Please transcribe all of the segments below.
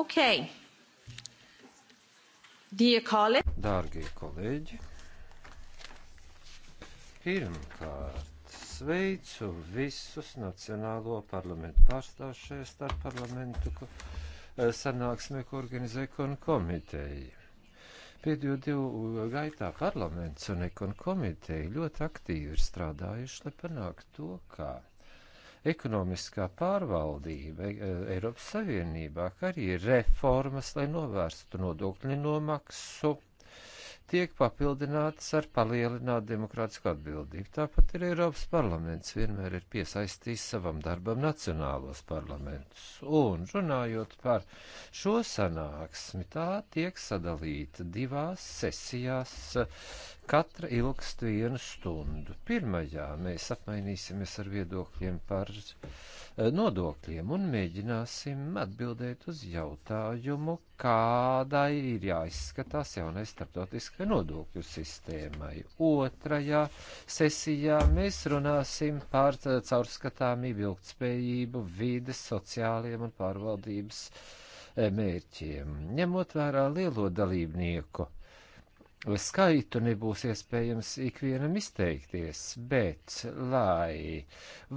Okay. Dārgie kolēģi, pirmkārt sveicu visus Nacionālo parlamentu pārstāvšajā starp parlamentu eh, sanāksmē, ko organizē kon komiteja. Pēdējo divu gaitā parlaments un ekon komiteja ļoti aktīvi ir strādājuši, lai panāktu to, kā ekonomiskā pārvaldība e, Eiropas Savienībā, kā arī reformas, lai novērstu nodokļu nomaksu, tiek papildinātas ar palielinātu demokrātisku atbildību. Tāpat ir Eiropas parlaments vienmēr ir piesaistījis savam darbam nacionālos parlamentus. Un runājot par šo sanāksmi, tā tiek sadalīta divās sesijās, Katra ilgst vienu stundu. Pirmajā mēs apmainīsimies ar viedokļiem par eh, nodokļiem un mēģināsim atbildēt uz jautājumu, kādai ir jāizskatās jaunai starptautiskai nodokļu sistēmai. Otrajā sesijā mēs runāsim par eh, caurskatāmību, ilgtspējību, vides, sociāliem un pārvaldības eh, mērķiem, ņemot vērā lielo dalībnieku skaitu nebūs iespējams ikvienam izteikties, bet, lai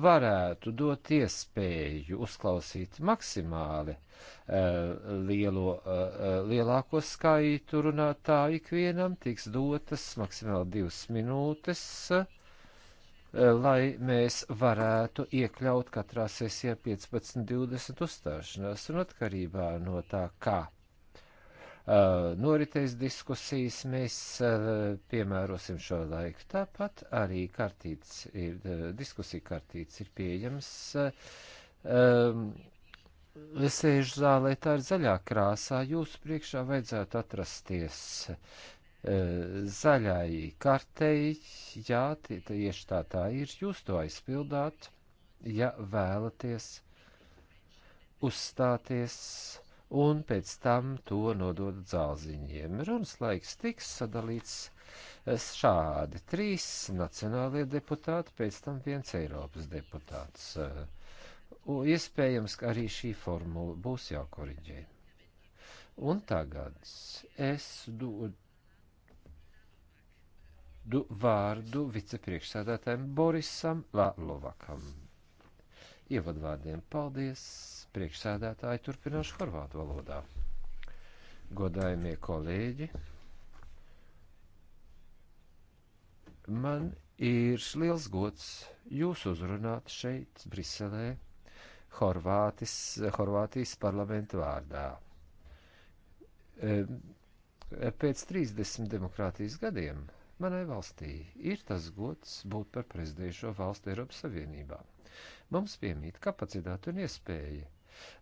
varētu dot iespēju uzklausīt maksimāli uh, lielo, uh, lielāko skaitu runātāju, ikvienam tiks dotas maksimāli divas minūtes, uh, lai mēs varētu iekļaut katrā sesijā 15-20 uzstāšanās un atkarībā no tā, kā Eh, noritēs diskusijas, mēs eh, piemērosim šo laiku. Tāpat arī kartīts ir, eh, diskusija kartīts ir pieejams. Sēžu zālē tā ir zaļā krāsā, jūsu priekšā vajadzētu atrasties zaļai kartei, jā, tieši tā tā ir, jūs to aizpildāt, ja vēlaties uzstāties un pēc tam to nodod dzelziņiem. Runas laiks tiks sadalīts šādi. Trīs nacionālie deputāti, pēc tam viens Eiropas deputāts. Un iespējams, ka arī šī formula būs jākoriģē. Un tagad es dodu do, vārdu vicepriekšsēdētājiem Borisam Lalovakam. Ievadvārdiem paldies! Priekšsēdētāji turpināšu horvātu valodā. Godājumie kolēģi, man ir liels gods jūs uzrunāt šeit, Briselē, Horvātis, Horvātijas parlamenta vārdā. Pēc 30 demokrātijas gadiem manai valstī ir tas gods būt par prezidējušo valstu Eiropas Savienībā. Mums piemīt kapacitāte un iespēja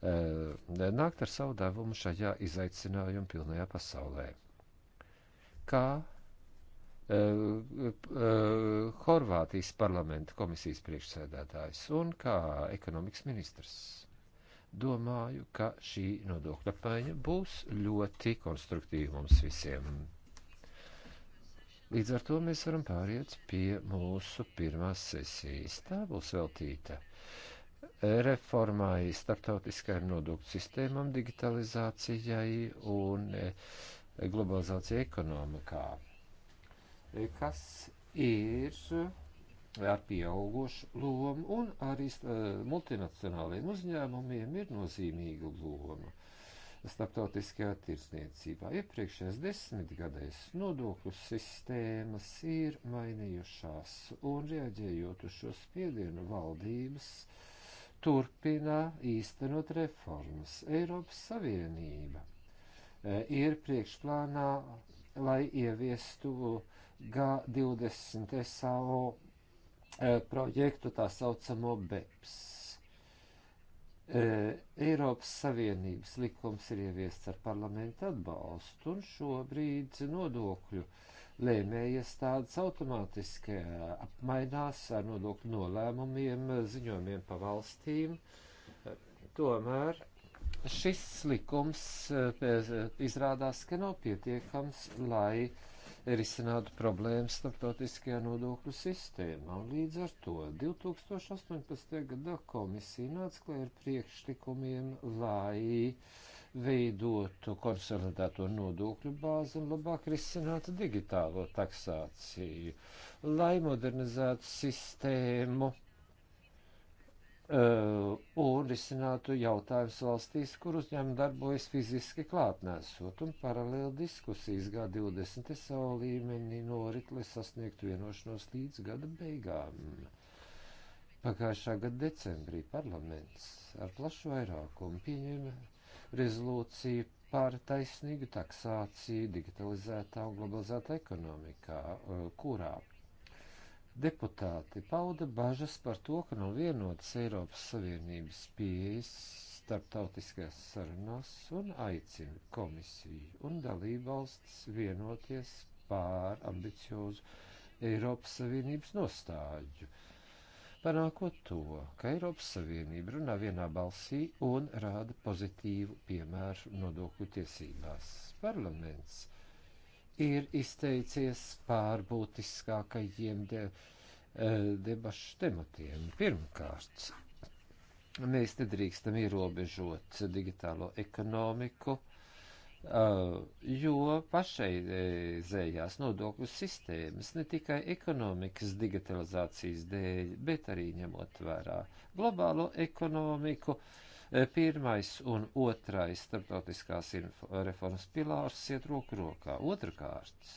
Eh, nākt ar savu devumu šajā izaicinājuma pilnajā pasaulē. Kā eh, eh, Horvātijas parlamenta komisijas priekšsēdētājs un kā ekonomikas ministrs. Domāju, ka šī nodokļa apmaiņa būs ļoti konstruktīva mums visiem. Līdz ar to mēs varam pāriet pie mūsu pirmās sesijas. Tā būs veltīta reformai, starptautiskajām nodokļu sistēmām, digitalizācijai un e, globalizācijai ekonomikā, e, kas ir ar pieaugušu lomu un arī e, multinacionāliem uzņēmumiem ir nozīmīga loma starptautiskajā tirsniecībā. Iepriekšējās desmitgadēs nodokļu sistēmas ir mainījušās un reaģējot uz šo spiedienu valdības uh, turpina īstenot reformas. Eiropas Savienība e, ir priekšplānā, lai ieviestu G20 SAO e, projektu tā saucamo BEPS. E, Eiropas Savienības likums ir ieviests ar parlamentu atbalstu, un šobrīd nodokļu uh, lēmējiestādes automātiski apmainās ar nodokļu nolēmumiem, ziņojumiem pa valstīm. Tomēr šis likums izrādās, ka nav pietiekams, lai risinātu problēmas starptautiskajā nodokļu sistēmā. Un līdz ar to 2018. gadā komisija nāca klāja ar priekšlikumiem, lai uh, veidotu konsolidēto nodokļu bāzi un labāk risinātu digitālo taksāciju, lai modernizētu sistēmu uh, un risinātu jautājumus valstīs, kur uzņēmumi darbojas fiziski klātnēsot, un paralēli diskusijas G20 SO līmenī norit, lai sasniegtu vienošanos līdz gada beigām. Pagājušā gada decembrī parlaments ar plašu vairākumu pieņēma rezolūciju par taisnīgu taksāciju digitalizētā un globalizētā ekonomikā, e, kurā deputāti pauda bažas par to, ka nav vienotas Eiropas Savienības pieejas starptautiskajās sarunās un aicina komisiju un dalībvalstis vienoties pār ambiciozu Eiropas Savienības nostāļu panākot to, ka Eiropas Savienība runā vienā balsī un rāda pozitīvu piemēru nodokļu tiesībās. Parlaments ir izteicies pār būtiskākajiem de, e, debašu tematiem. Pirmkārt, mēs nedrīkstam ierobežot digitālo ekonomiku jo pašreizējās nodokļu sistēmas ne tikai ekonomikas digitalizācijas dēļ, bet arī ņemot vērā globālo ekonomiku, e, pirmais un otrais starptautiskās reformas pilārs iet roku rokā. Otrakārt,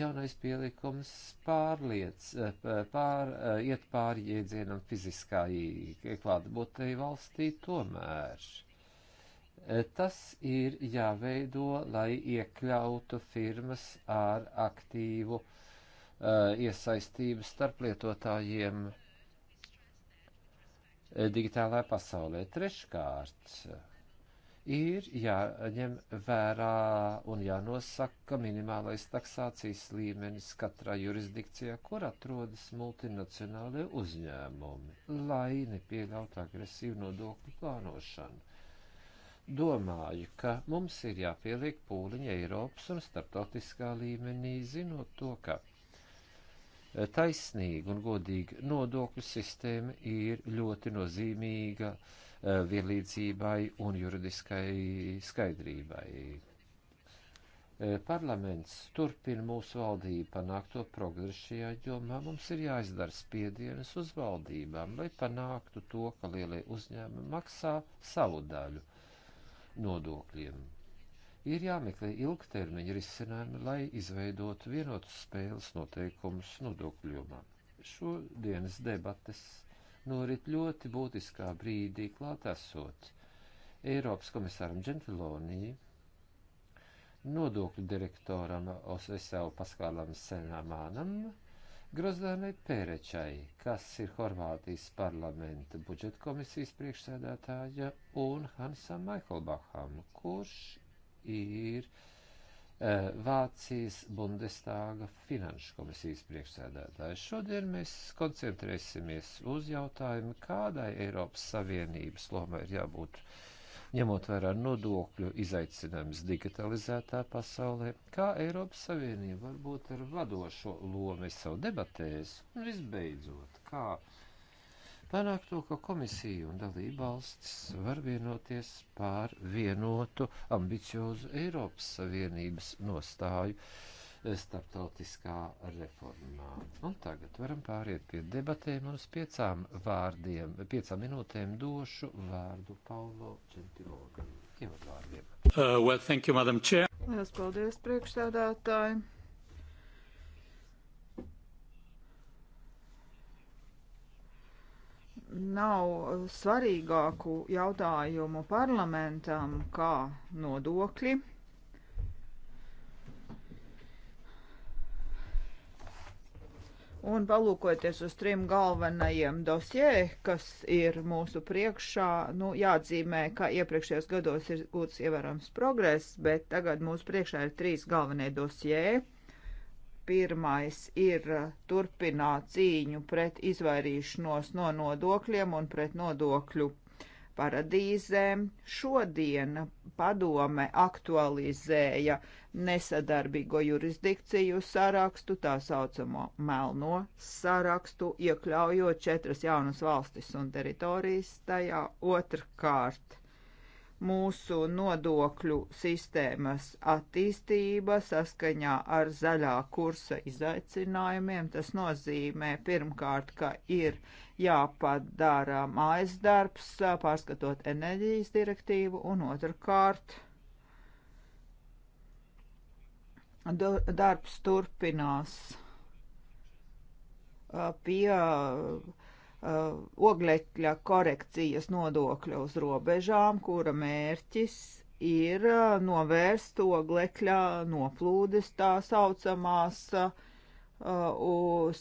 jaunais pielikums pārliec, e, pār, e, iet pāri jēdzienam fiziskā klātbūtnei valstī tomēr Tas ir jāveido, lai iekļautu firmas ar aktīvu uh, iesaistību starp lietotājiem eh, digitālajā pasaulē. Treškārt, ir jāņem vērā un jānosaka minimālais taksācijas līmenis katrā jurisdikcijā, kur atrodas multinacionālie uzņēmumi, lai nepieļautu agresīvu nodokļu plānošanu domāju, ka mums ir jāpieliek pūliņi Eiropas un starptautiskā līmenī, zinot to, ka taisnīga un godīga nodokļu sistēma ir ļoti nozīmīga eh, vienlīdzībai un juridiskai skaidrībai. Eh, parlaments turpina mūsu valdību panākto progresu šajā jomā. Mums ir jāizdara spiedienas uz valdībām, lai panāktu to, ka lielie uzņēmumi maksā savu daļu nodokļiem. Ir jāmeklē ilgtermiņa risinājumi, lai izveidotu vienotus spēles noteikumus nodokļu jomā. Šodienas debates norit ļoti būtiskā brīdī klāt esot Eiropas komisāram Džentilonī, nodokļu direktoram Osvesau Paskālam Senamānam, Grozdanai Pērečai, kas ir Horvātijas parlamenta budžeta komisijas priekšsēdētāja, un Hansam Maiklbacham, kurš ir uh, Vācijas Bundestāga finanšu komisijas priekšsēdētājs. Šodien mēs koncentrēsimies uz jautājumu, kādai Eiropas Savienības lomai ir jābūt uh, ņemot vērā nodokļu izaicinājumus digitalizētā pasaulē, kā Eiropas Savienība varbūt ar vadošo lomu savu debatēs, un visbeidzot, kā panākt to, ka komisija un dalība valstis var vienoties pār vienotu ambiciozu Eiropas Savienības nostāju starptautiskā reformā. Un tagad varam pāriet pie debatēm un uz piecām vārdiem, piecām minūtēm došu vārdu Paulo Čentilogam. Ievadvārdiem. Uh, well, thank you, Madam Chair. Lielas paldies, priekšsēdētāji. Nav svarīgāku jautājumu parlamentam kā nodokļi Un palūkoties uz trim galvenajiem dosjē, kas ir mūsu priekšā, nu, jāatzīmē, ka iepriekšējos gados ir gūts ievērojams progress, bet tagad mūsu priekšā ir trīs galvenie dosjē. Pirmais ir turpināt cīņu pret izvairīšanos no nodokļiem un pret nodokļu paradīzēm. Šodien padome aktualizēja nesadarbīgo jurisdikciju sarakstu, tā saucamo melno sarakstu, iekļaujot četras jaunas valstis un teritorijas tajā otrkārt mūsu nodokļu sistēmas attīstība saskaņā ar zaļā kursa izaicinājumiem. Tas nozīmē pirmkārt, ka ir jāpadara mājas darbs, pārskatot enerģijas direktīvu, un otrkārt darbs turpinās pie uh, oglekļa korekcijas nodokļa uz robežām, kura mērķis ir uh, novērst oglekļa noplūdes tā saucamās, uh,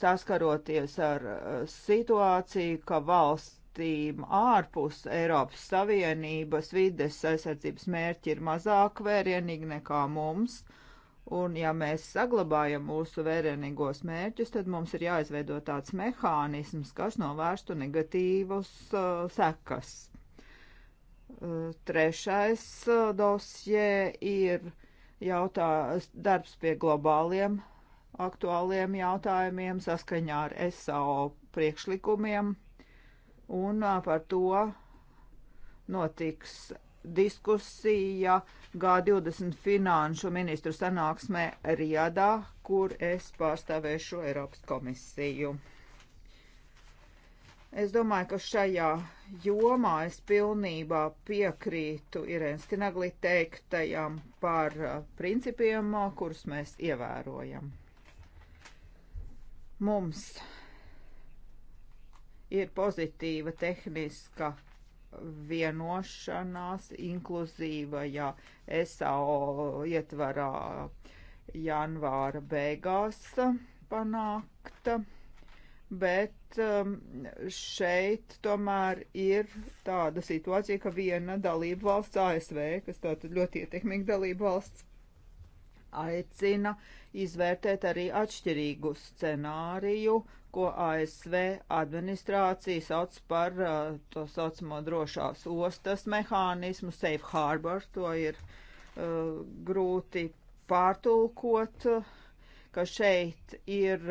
saskaroties ar uh, situāciju, ka valstīm ārpus Eiropas Savienības vides aizsardzības mērķi ir mazāk vērienīgi nekā mums. Uh, Un ja mēs saglabājam mūsu vērienīgos mērķus, tad mums ir jāizveido tāds mehānisms, kas novērstu negatīvus uh, sekas. Uh, trešais uh, dosjē ir jautā, darbs pie globāliem aktuāliem jautājumiem saskaņā ar SAO priekšlikumiem, un uh, par to notiks diskusija G20 finanšu ministru sanāksmē Riedā, kur es pārstāvēšu Eiropas komisiju. Es domāju, ka šajā jomā es pilnībā piekrītu Irēnas Tinagli teiktajam par uh, principiem, uh, kurus mēs ievērojam. Mums ir pozitīva tehniska vienošanās inkluzīvajā SAO ietvarā janvāra beigās panākta, bet um, šeit tomēr ir tāda situācija, ka viena dalība valsts ASV, kas tātad ļoti ietekmīga dalība valsts, aicina izvērtēt arī atšķirīgu scenāriju ko ASV administrācija sauc par uh, to saucamo drošās ostas mehānismu, safe harbor, to ir uh, grūti pārtulkot, ka šeit ir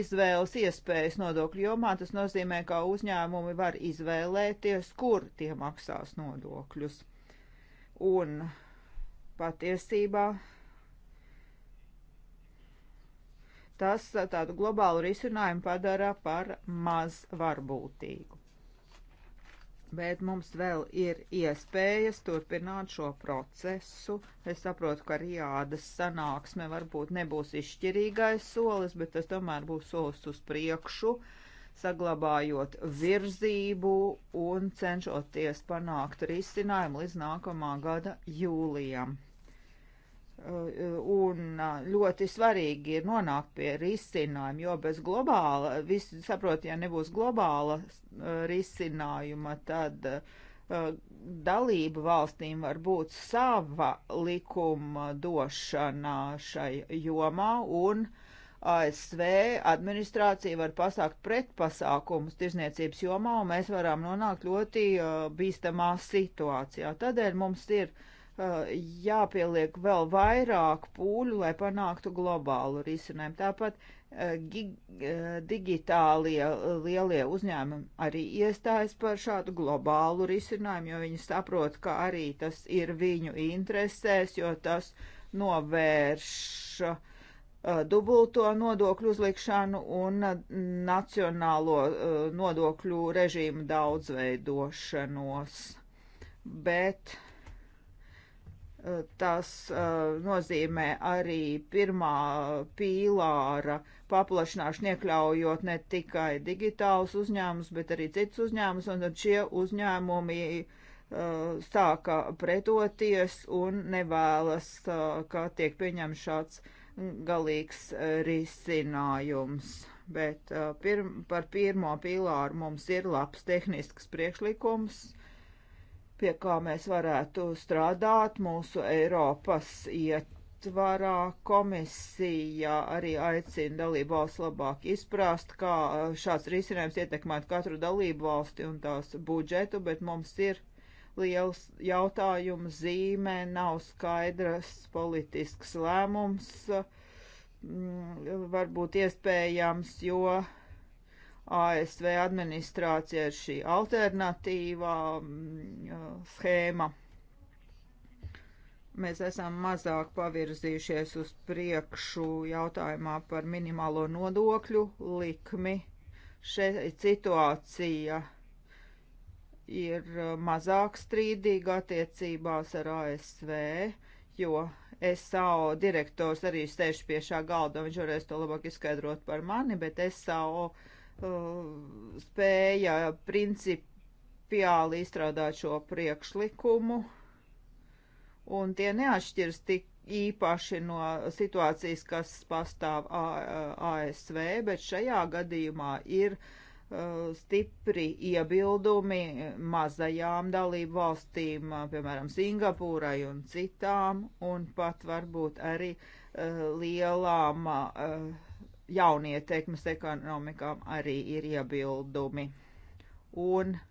izvēles iespējas nodokļu jomā, tas nozīmē, ka uzņēmumi var izvēlēties, kur tie maksās nodokļus. Un patiesībā uh, tas uh, tādu globālu risinājumu padara par maz varbūtīgu. Bet mums vēl ir iespējas turpināt šo procesu. Es saprotu, ka Rijādas sanāksme varbūt nebūs izšķirīgais solis, bet tas tomēr būs solis uz priekšu, saglabājot virzību un cenšoties panākt risinājumu līdz nākamā gada jūlijam. Un uh, ļoti svarīgi ir nonākt pie risinājuma, jo bez globāla, visi saprot, ja nebūs globāla uh, risinājuma, tad uh, dalība valstīm var būt sava likuma došanā šai jomā, un ASV administrācija var pasākt pretpasākumus tirzniecības jomā, un mēs varam nonākt ļoti bīstamā situācijā. Tādēļ mums ir uh, Eh, jāpieliek vēl vairāk pūļu, lai panāktu globālu risinājumu. Tāpat eh, gig, eh, digitālie lielie uzņēmumi arī iestājas par šādu globālu risinājumu, jo viņi saprot, ka arī tas ir viņu interesēs, jo tas novērš dubulto nodokļu uzlikšanu un nacionālo nodokļu režīmu daudzveidošanos. Bet Tas nozīmē arī pirmā pīlāra paplašināšanu, iekļaujot ne tikai digitālus uzņēmumus, bet arī citus uzņēmumus, un tad šie uzņēmumi sāka pretoties un nevēlas, ka tiek pieņemts šāds galīgs risinājums. Bet pirm, par pirmo pīlāru mums ir labs tehnisks priekšlikums pie kā mēs varētu strādāt mūsu Eiropas ietvarā. Komisija arī aicina dalību valsts labāk izprast, kā uh, šāds risinājums ietekmētu katru dalību valsti un tās budžetu, bet mums ir liels jautājums zīmē, nav skaidrs politisks lēmums, mm, varbūt iespējams, jo ASV administrācija ir šī alternatīvā mm, schēma. Mēs esam mazāk pavirzījušies uz priekšu jautājumā par minimālo nodokļu likmi. Šeit situācija ir mazāk strīdīga attiecībās ar ASV, jo SAO direktors arī sēž pie šā galda, un viņš varēs to labāk izskaidrot par mani, bet SAO uh, Um, spēja principiāli izstrādāt šo priekšlikumu, un tie neatšķirs tik īpaši no situācijas, kas pastāv ASV, bet šajā gadījumā ir uh, stipri iebildumi mazajām dalību valstīm, uh, piemēram, Singapūrai un citām, un pat varbūt arī uh, lielām uh, jaunietekmes ekonomikām arī ir iebildumi. Un e,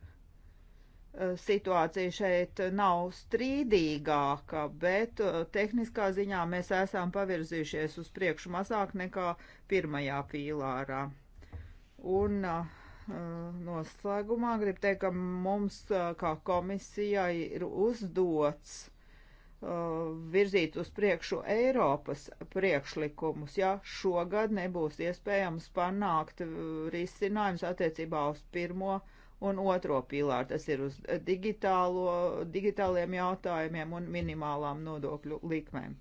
situācija šeit nav strīdīgāka, bet e, tehniskā ziņā mēs esam pavirzījušies uz priekšu mazāk nekā pirmajā pīlārā. Un e, noslēgumā gribu teikt, ka mums kā komisijai ir uzdots Uh, virzīt uz priekšu Eiropas priekšlikumus, ja šogad nebūs iespējams panākt uh, risinājums attiecībā uz pirmo un otro pīlāru. Tas ir uz digitālo, digitāliem jautājumiem un minimālām nodokļu likmēm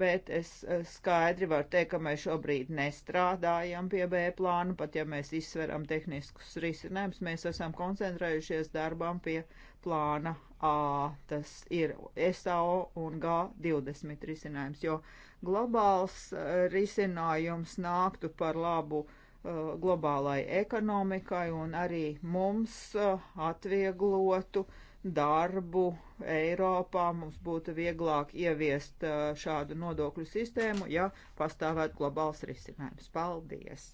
bet es eh, skaidri varu teikt, ka mēs šobrīd nestrādājam pie B plānu, pat ja mēs izsveram tehniskus risinājumus, mēs esam koncentrējušies darbām pie plāna A, tas ir SAO un G20 risinājums, jo globāls eh, risinājums nāktu par labu uh, globālai ekonomikai un arī mums uh, atvieglotu uh, darbu Eiropā. Mums būtu vieglāk ieviest šādu nodokļu sistēmu, ja pastāvētu globāls risinājums. Paldies!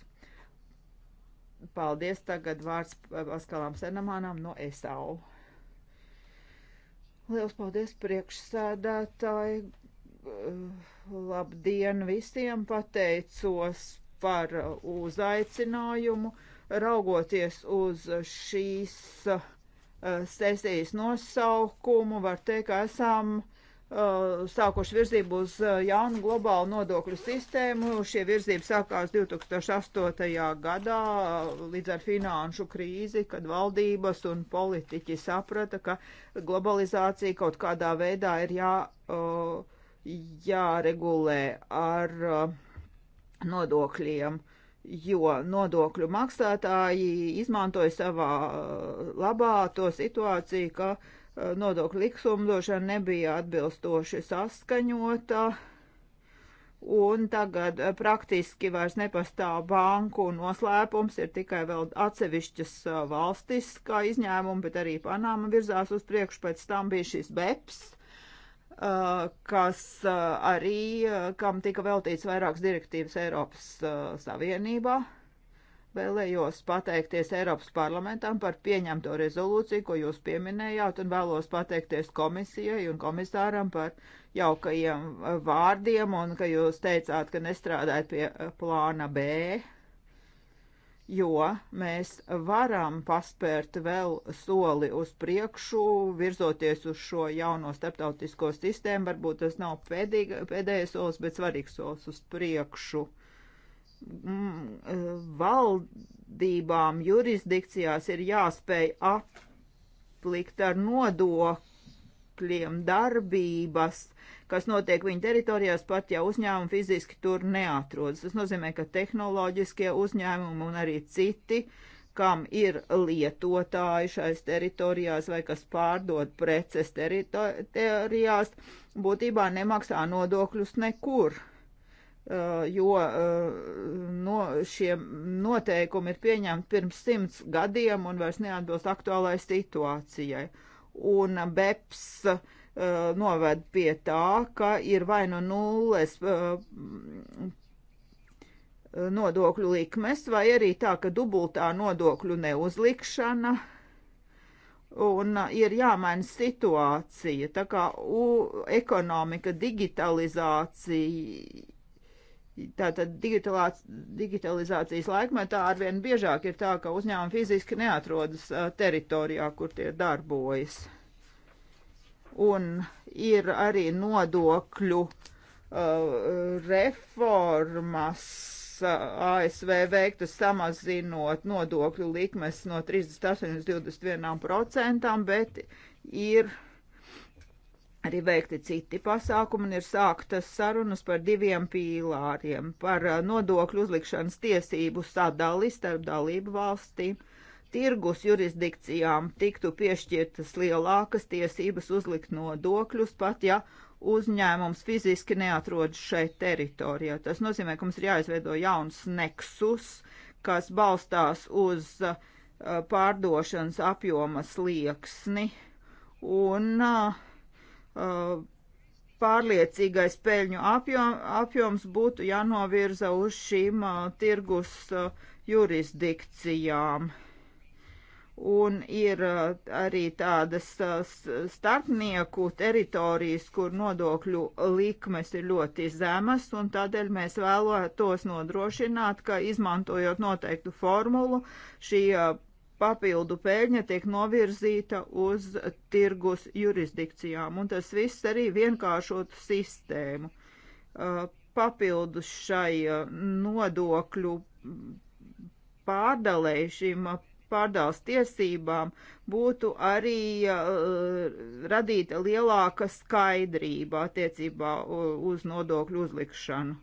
Paldies! Tagad vārds Paskalām Senamanam no ESAU. Liels paldies priekšsēdētāji! Labdien visiem! Pateicos par uzaicinājumu. Raugoties uz šīs uh, Eh, sesijas nosaukumu, var teikt, ka esam eh, sākuši virzību uz eh, jaunu globālu nodokļu sistēmu. Šie virzība sākās 2008. gadā līdz ar finanšu krīzi, kad valdības un politiķi saprata, ka globalizācija kaut kādā veidā ir jā, jāregulē ar nodokļiem jo nodokļu maksātāji izmantoja savā uh, labā to situāciju, ka uh, nodokļu liksumdošana nebija atbilstoši saskaņota, un tagad uh, praktiski vairs nepastāv banku noslēpums, ir tikai vēl atsevišķas valstis kā izņēmumi, bet arī Panāma virzās uz priekšu, pēc tam bija šis BEPS – Uh, kas uh, arī, uh, kam tika veltīts vairākas direktīvas Eiropas Savienībā. Vēlējos pateikties Eiropas parlamentam par pieņemto rezolūciju, ko jūs pieminējāt, un vēlos pateikties komisijai un komisāram par jaukajiem vārdiem, un ka jūs teicāt, ka nestrādājat pie plāna B, jo mēs varam paspērt vēl soli uz priekšu, virzoties uz šo jauno starptautisko sistēmu. Varbūt tas nav pēdīga, pēdējais solis, bet svarīgs solis uz priekšu. Mm, valdībām jurisdikcijās ir jāspēj aplikt ar nodokļiem darbības, uh, kas notiek viņa teritorijās, pat ja uzņēmumi fiziski tur neatrodas. Tas nozīmē, ka tehnoloģiskie uzņēmumi un arī citi, kam ir lietotāji šais teritorijās vai kas pārdod preces teritorijās, būtībā nemaksā nodokļus nekur. Uh, jo uh, no šie noteikumi ir pieņemti pirms simts gadiem un vairs neatbilst aktuālai situācijai. Un uh, BEPS uh, Eh, noved pie tā, ka ir vai nu nulles eh, mm, nodokļu likmes, vai arī tā, ka dubultā nodokļu neuzlikšana un eh, ir jāmaina situācija. Tā kā u, ekonomika, digitalizācija, tātad digitalizācijas laikmetā arvien biežāk ir tā, ka uzņēmumi fiziski neatrodas teritorijā, kur tie darbojas un ir arī nodokļu uh, reformas uh, ASV veikta samazinot nodokļu likmes no 38 līdz 21 procentām, bet ir arī veikti citi pasākumi un ir sāktas sarunas par diviem pīlāriem - par uh, nodokļu uzlikšanas tiesību sadali starp dalību valstīm tirgus jurisdikcijām tiktu piešķirtas lielākas tiesības uzlikt nodokļus, pat ja uzņēmums fiziski neatrodas šeit teritorijā. Tas nozīmē, ka mums ir jāizveido jauns neksus, kas balstās uz uh, pārdošanas apjoma slieksni un uh, uh pārliecīgais peļņu apjom, apjoms būtu jānovirza uz šīm uh, tirgus uh, jurisdikcijām. Uh, un ir uh, arī tādas uh, starpnieku teritorijas, kur nodokļu likmes ir ļoti zemas, un tādēļ mēs vēlētos nodrošināt, ka izmantojot noteiktu formulu, šī uh, papildu pēļņa tiek novirzīta uz tirgus jurisdikcijām, un tas viss arī vienkāršotu sistēmu. Papildus šai nodokļu pārdalēji šim pārdāvas tiesībām būtu arī uh, radīta lielāka skaidrība attiecībā uh, uz nodokļu uzlikšanu.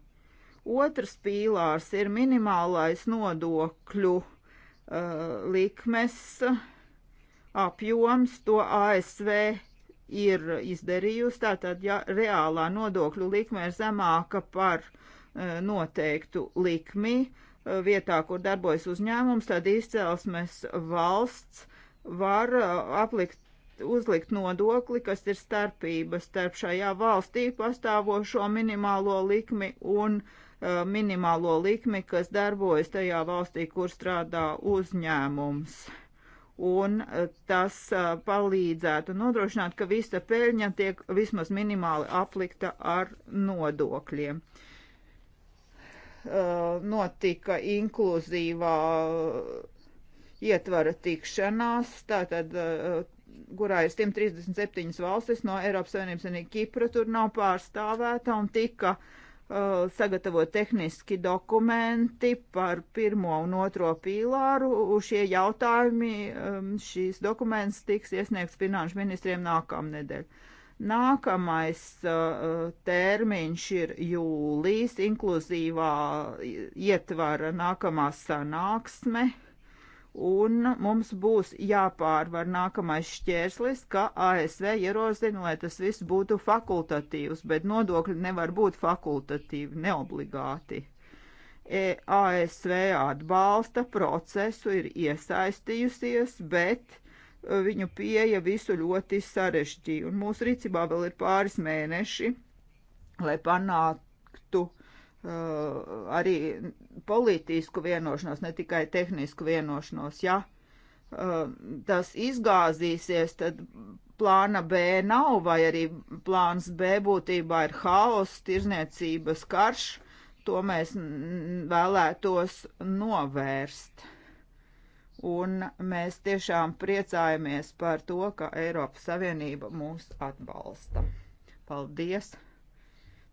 Otrs pīlārs ir minimālais nodokļu uh, likmes apjoms, to ASV ir izdarījusi. Tātad, ja reālā nodokļu likme ir zemāka par uh, noteiktu likmi, uh, vietā, kur darbojas uzņēmums, tad izcelsmes valsts var uh, aplikt, uzlikt nodokli, kas ir starpība starp šajā valstī pastāvošo minimālo likmi un uh, minimālo likmi, kas darbojas tajā valstī, kur strādā uzņēmums. Un uh, tas uh, palīdzētu nodrošināt, ka visa peļņa tiek vismaz minimāli aplikta ar nodokļiem. Uh, Uh, notika inkluzīvā ietvara tikšanās, tātad, kurā uh, ir 137 valstis no Eiropas Savienības un Kipra tur nav pārstāvēta un tika uh, sagatavot tehniski dokumenti par pirmo un otro pīlāru. Šie jautājumi, um, šīs dokuments tiks iesniegts finanšu ministriem nākamnedēļ. Nākamais uh, termiņš ir jūlijas, inkluzīvā ietvara nākamā sanāksme, un mums būs jāpārvar nākamais šķērslis, ka ASV ierozina, lai tas viss būtu fakultatīvs, bet nodokļi nevar būt fakultatīvi, neobligāti. E, ASV atbalsta procesu, ir iesaistījusies, bet viņu pieeja visu ļoti sarežģīja. Un mūsu rīcībā vēl ir pāris mēneši, lai panāktu uh, arī politisku vienošanos, ne tikai tehnisku vienošanos. Ja uh, tas izgāzīsies, tad plāna B nav, vai arī plāns B būtībā ir haoss, tirzniecības karš. To mēs vēlētos novērst un mēs tiešām priecājamies par to, ka Eiropas Savienība mūs atbalsta. Paldies!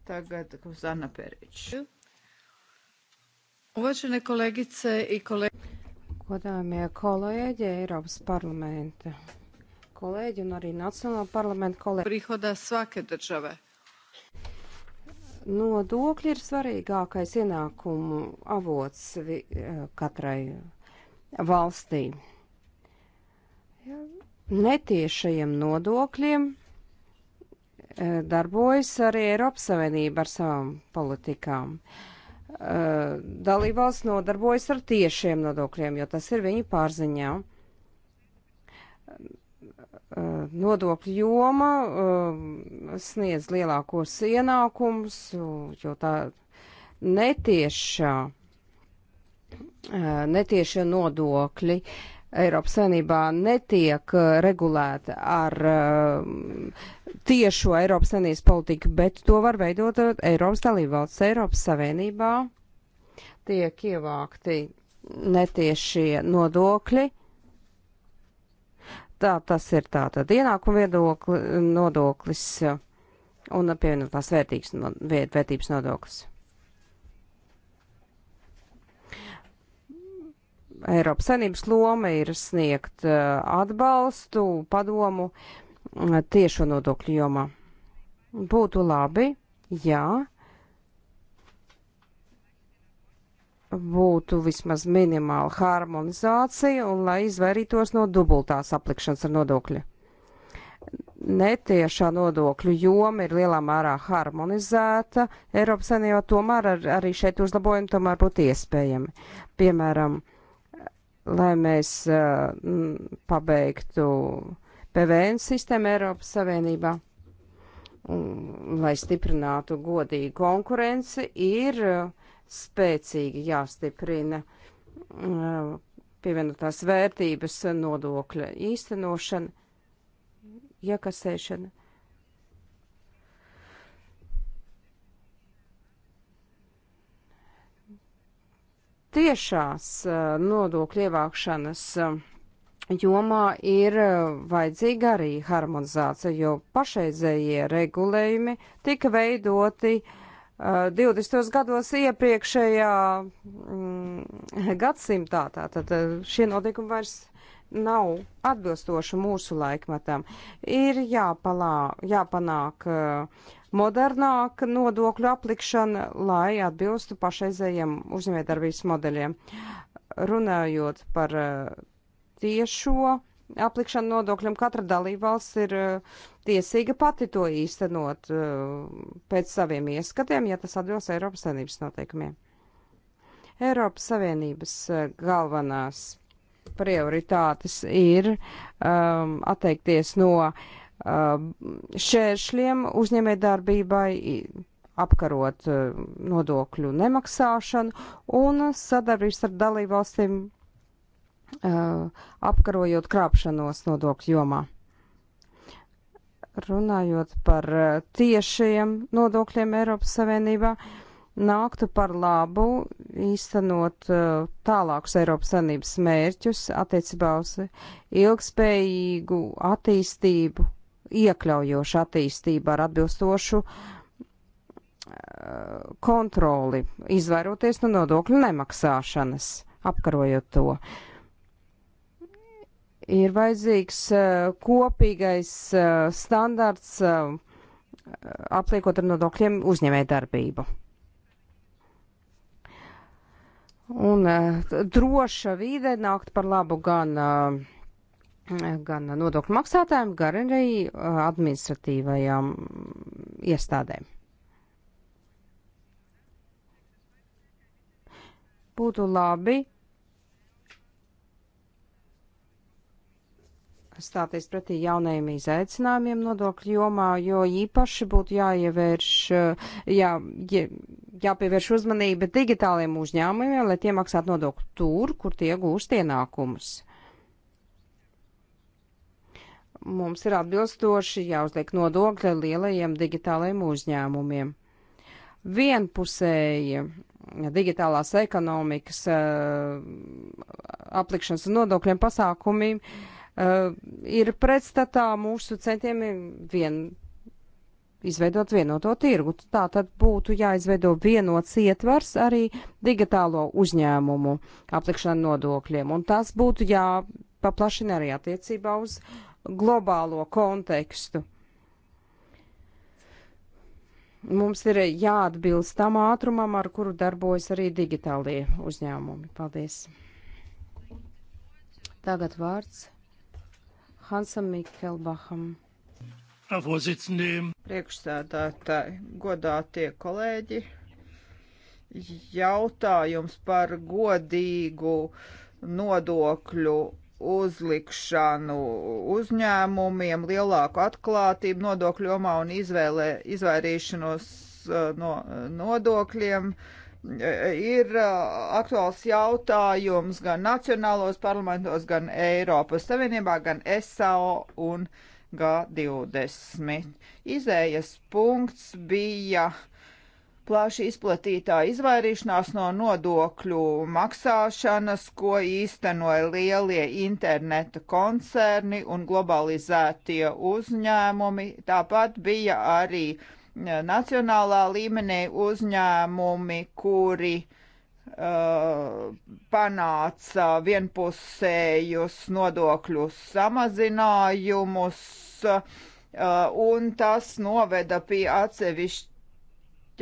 Tagad Kuzana Perič. Uvažene kolegice i kolēģi. Godājumie kolēģi Eiropas parlamenta kolēģi un arī Nacionāla parlamenta kolēģi. Prihodā svake države. Nodokļi ir svarīgākais ienākumu avots eh, katrai valstī. Netiešajiem nodokļiem e, darbojas arī Eiropas Savienība ar savām politikām. E, dalībvalsts nodarbojas ar tiešiem nodokļiem, jo tas ir viņu pārziņā. E, nodokļu joma sniedz lielākos ienākumus, jo tā netiešā Eh, netiešie nodokļi Eiropas Savienībā netiek eh, regulēta ar eh, tiešo Eiropas Savienības politiku, bet to var veidot Eiropas dalībvalsts. Eiropas Savienībā tiek ievākti netiešie nodokļi. Tā tas ir tātad ienākuma viedokli, nodoklis un pievienotās vērtības, vērt, vērtības nodoklis. Eiropas Sanības loma ir sniegt eh, atbalstu, padomu eh, tiešo nodokļu jomā. Būtu labi, jā, būtu vismaz minimāla harmonizācija un lai izvairītos no dubultās aplikšanas ar nodokļu. Netiešā nodokļu joma ir lielā mērā harmonizēta Eiropas Savienībā, tomēr ar, arī šeit uzlabojumi tomēr būtu iespējami. Piemēram, lai mēs uh, pabeigtu PVN sistēmu Eiropas Savienībā, un, lai stiprinātu godīgu konkurenci, ir uh, spēcīgi jāstiprina uh, pievienotās vērtības nodokļa īstenošana, iekasēšana tiešās eh, nodokļu ievākšanas eh, jomā ir eh, vajadzīga arī harmonizācija, jo pašreizējie regulējumi tika veidoti uh, 20. gados iepriekšējā mm, gadsimtā. Tātad šie notikumi vairs nav atbilstoša mūsu laikmetam. Ir jāpalā, jāpanāk eh, modernāka nodokļu aplikšana, lai atbilstu pašreizējiem uzņēmējdarbības modeļiem. Runājot par eh, tiešo aplikšanu nodokļiem, katra dalībvalsts ir eh, tiesīga pati to īstenot pēc saviem ieskatiem, ja tas atbilst Eiropas Savienības noteikumiem. Eiropas Savienības galvenās prioritātes ir um, atteikties no um, šēršļiem uzņēmē darbībai, apkarot um, nodokļu nemaksāšanu un sadarbības ar dalībvalstīm uh, apkarojot krāpšanos nodokļu jomā runājot par uh, tiešajiem nodokļiem Eiropas Savienībā, nāktu par labu īstenot uh, tālākus Eiropas Savienības mērķus attiecībā uz ilgspējīgu attīstību, iekļaujošu attīstību ar atbilstošu uh, kontroli, izvairoties no nodokļu nemaksāšanas, apkarojot to. Ir vajadzīgs uh, kopīgais standarts apliekot ar nodokļiem uzņēmē darbību. Un eh, droša vide nākt par labu gan, eh, gan nodokļu maksātājiem, gan arī eh, administratīvajām iestādēm. Būtu labi, stāties pretī jaunajiem izaicinājumiem nodokļu jomā, jo īpaši būtu jāievērš, jā, jāpievērš uzmanība digitāliem uzņēmumiem, lai tie maksātu nodokļu tur, kur tie gūst ienākumus. Mums ir atbilstoši jāuzliek nodokļi lielajiem digitālajiem uzņēmumiem. Vienpusēji digitālās ekonomikas uh, aplikšanas un nodokļiem pasākumiem uh, Eh, ir pretstatā mūsu centiemiem vien izveidot vienoto tirgu. Tā tad būtu jāizveido vienots ietvars arī digitālo uzņēmumu aplikšanu nodokļiem, un tas būtu jāpaplašina arī attiecībā uz globālo kontekstu. Mums ir jāatbilst tam ātrumam, ar kuru darbojas arī digitālie uzņēmumi. Paldies! Tagad vārds Hansam Mikelbaham. Priekšsēdētāji, godātie kolēģi, jautājums par godīgu nodokļu uzlikšanu uzņēmumiem, lielāku atklātību nodokļu jomā un izvēlē, izvairīšanos eh, no nodokļiem. Uh, ir uh, aktuāls jautājums gan nacionālos parlamentos, gan Eiropas Savienībā, gan SAO un G20. Izējas punkts bija plaši izplatītā izvairīšanās no nodokļu maksāšanas, ko īstenoja lielie interneta koncerni un globalizētie uzņēmumi. Tāpat bija arī uh, nacionālā līmenī uzņēmumi, kuri uh, panāca vienpusējus nodokļu samazinājumus, uh, un tas noveda pie atsevišķi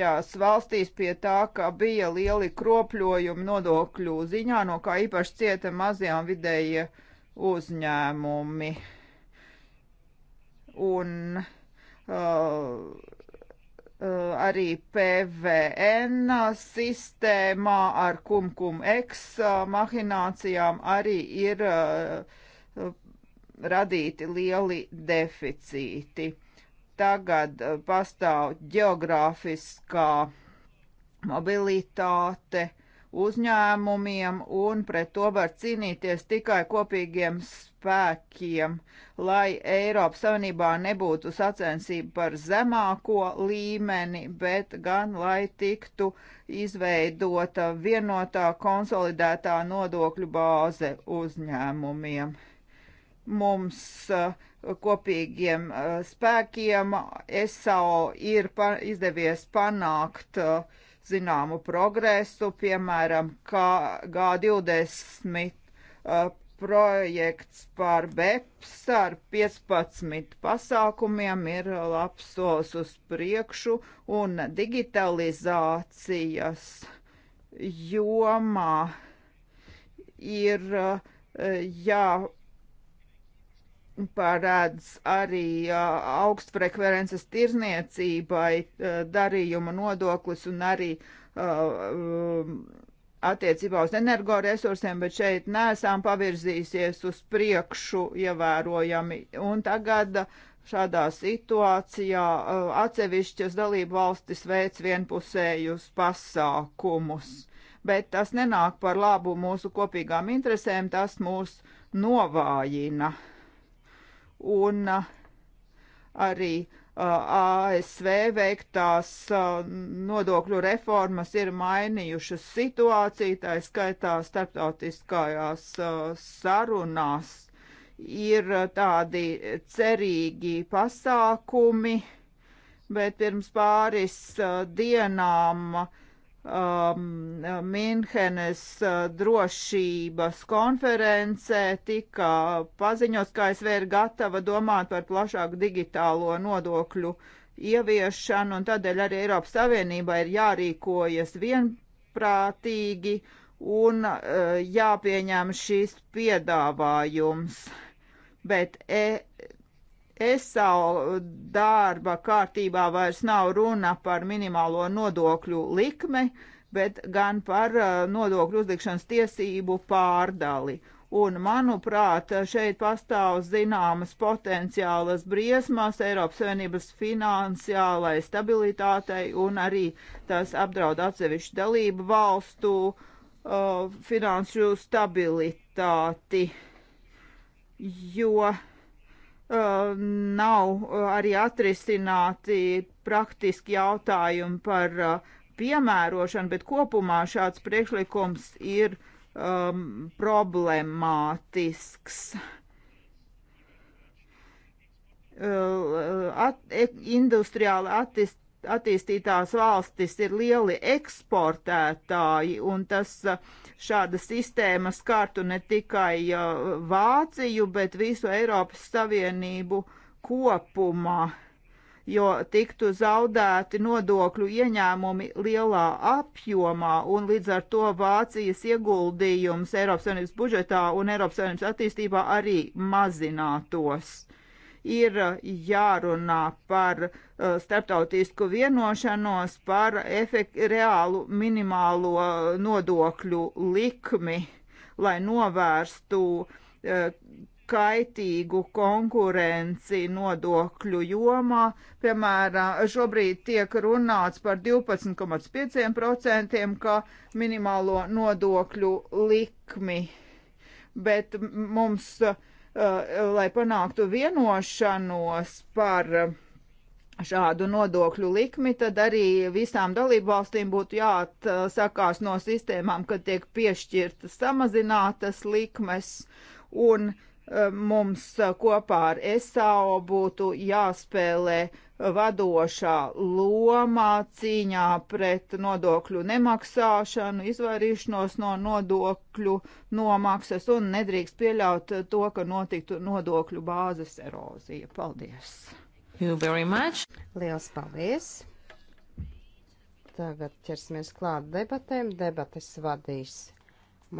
citās valstīs pie tā, ka bija lieli kropļojumi nodokļu ziņā, no kā īpaši cieta mazie un vidējie uzņēmumi. Un uh, Eh, arī PVN sistēmā ar kumkum eks eh, mahinācijām arī ir eh, radīti lieli deficīti. Tagad pastāv geogrāfiskā mobilitāte, uzņēmumiem, un pret to var cīnīties tikai kopīgiem spēkiem, lai Eiropas Savienībā nebūtu sacensība par zemāko līmeni, bet gan lai tiktu izveidota vienotā konsolidētā nodokļu bāze uzņēmumiem. Mums uh, kopīgiem uh, spēkiem SAO ir pa izdevies panākt uh, zināmu progresu, piemēram, G20 uh, projekts par BEPS ar 15 pasākumiem ir labs solis uz priekšu un digitalizācijas jomā ir uh, jā parādz arī augstfrekvences tirzniecībai darījuma nodoklis un arī attiecībā uz energoresursiem, bet šeit nesām pavirzīsies uz priekšu ievērojami. Un tagad šādā situācijā atsevišķas dalību valstis veic vienpusējus pasākumus. Bet tas nenāk par labu mūsu kopīgām interesēm, tas mūs novājina un uh, arī uh, ASV veiktās uh, nodokļu reformas ir mainījušas situāciju, tā skaitā starptautiskajās sarunās ir tādi cerīgi pasākumi, bet pirms pāris dienām uh, um, Minhenes uh, drošības konferencē tika paziņots, ka ASV ir gatava domāt par plašāku digitālo nodokļu ieviešanu, un tādēļ arī Eiropas Savienībā ir jārīkojas vienprātīgi un uh, jāpieņem šīs piedāvājums. Bet e ESAU darba kārtībā vairs nav runa par minimālo nodokļu likmi, bet gan par uh, nodokļu uzlikšanas tiesību pārdali. Un, manuprāt, šeit pastāv zināmas potenciālas briesmas Eiropas Savienības finansiālai stabilitātei un arī tas apdraud atsevišķu dalību valstu uh, finanšu stabilitāti, jo uh, Eh, nav eh, arī atrisināti praktiski jautājumi par eh, piemērošanu, bet kopumā šāds priekšlikums ir um, problemātisks. At, industriāli attist, attīstītās valstis ir lieli eksportētāji, un tas uh, šāda sistēma skartu ne tikai uh, Vāciju, bet visu Eiropas Savienību kopumā, jo tiktu zaudēti nodokļu ieņēmumi lielā apjomā, un līdz ar to Vācijas ieguldījums Eiropas Savienības budžetā un Eiropas Savienības attīstībā arī mazinātos ir uh, jārunā par uh, starptautisku vienošanos par efekt, reālu minimālo uh, nodokļu likmi, lai novērstu uh, kaitīgu konkurenci nodokļu jomā. Piemēram, šobrīd tiek runāts par 12,5%, kā minimālo nodokļu likmi, bet mums uh, Uh, lai panāktu vienošanos par šādu nodokļu likmi, tad arī visām dalībvalstīm būtu jāatsakās no sistēmām, kad tiek piešķirtas samazinātas likmes, un mums kopā ar ESAO būtu jāspēlē vadošā loma cīņā pret nodokļu nemaksāšanu, izvairīšanos no nodokļu nomaksas un nedrīkst pieļaut to, ka notiktu nodokļu bāzes erozija. Paldies! Lielas paldies! Tagad ķersimies klāt debatēm. Debates vadīs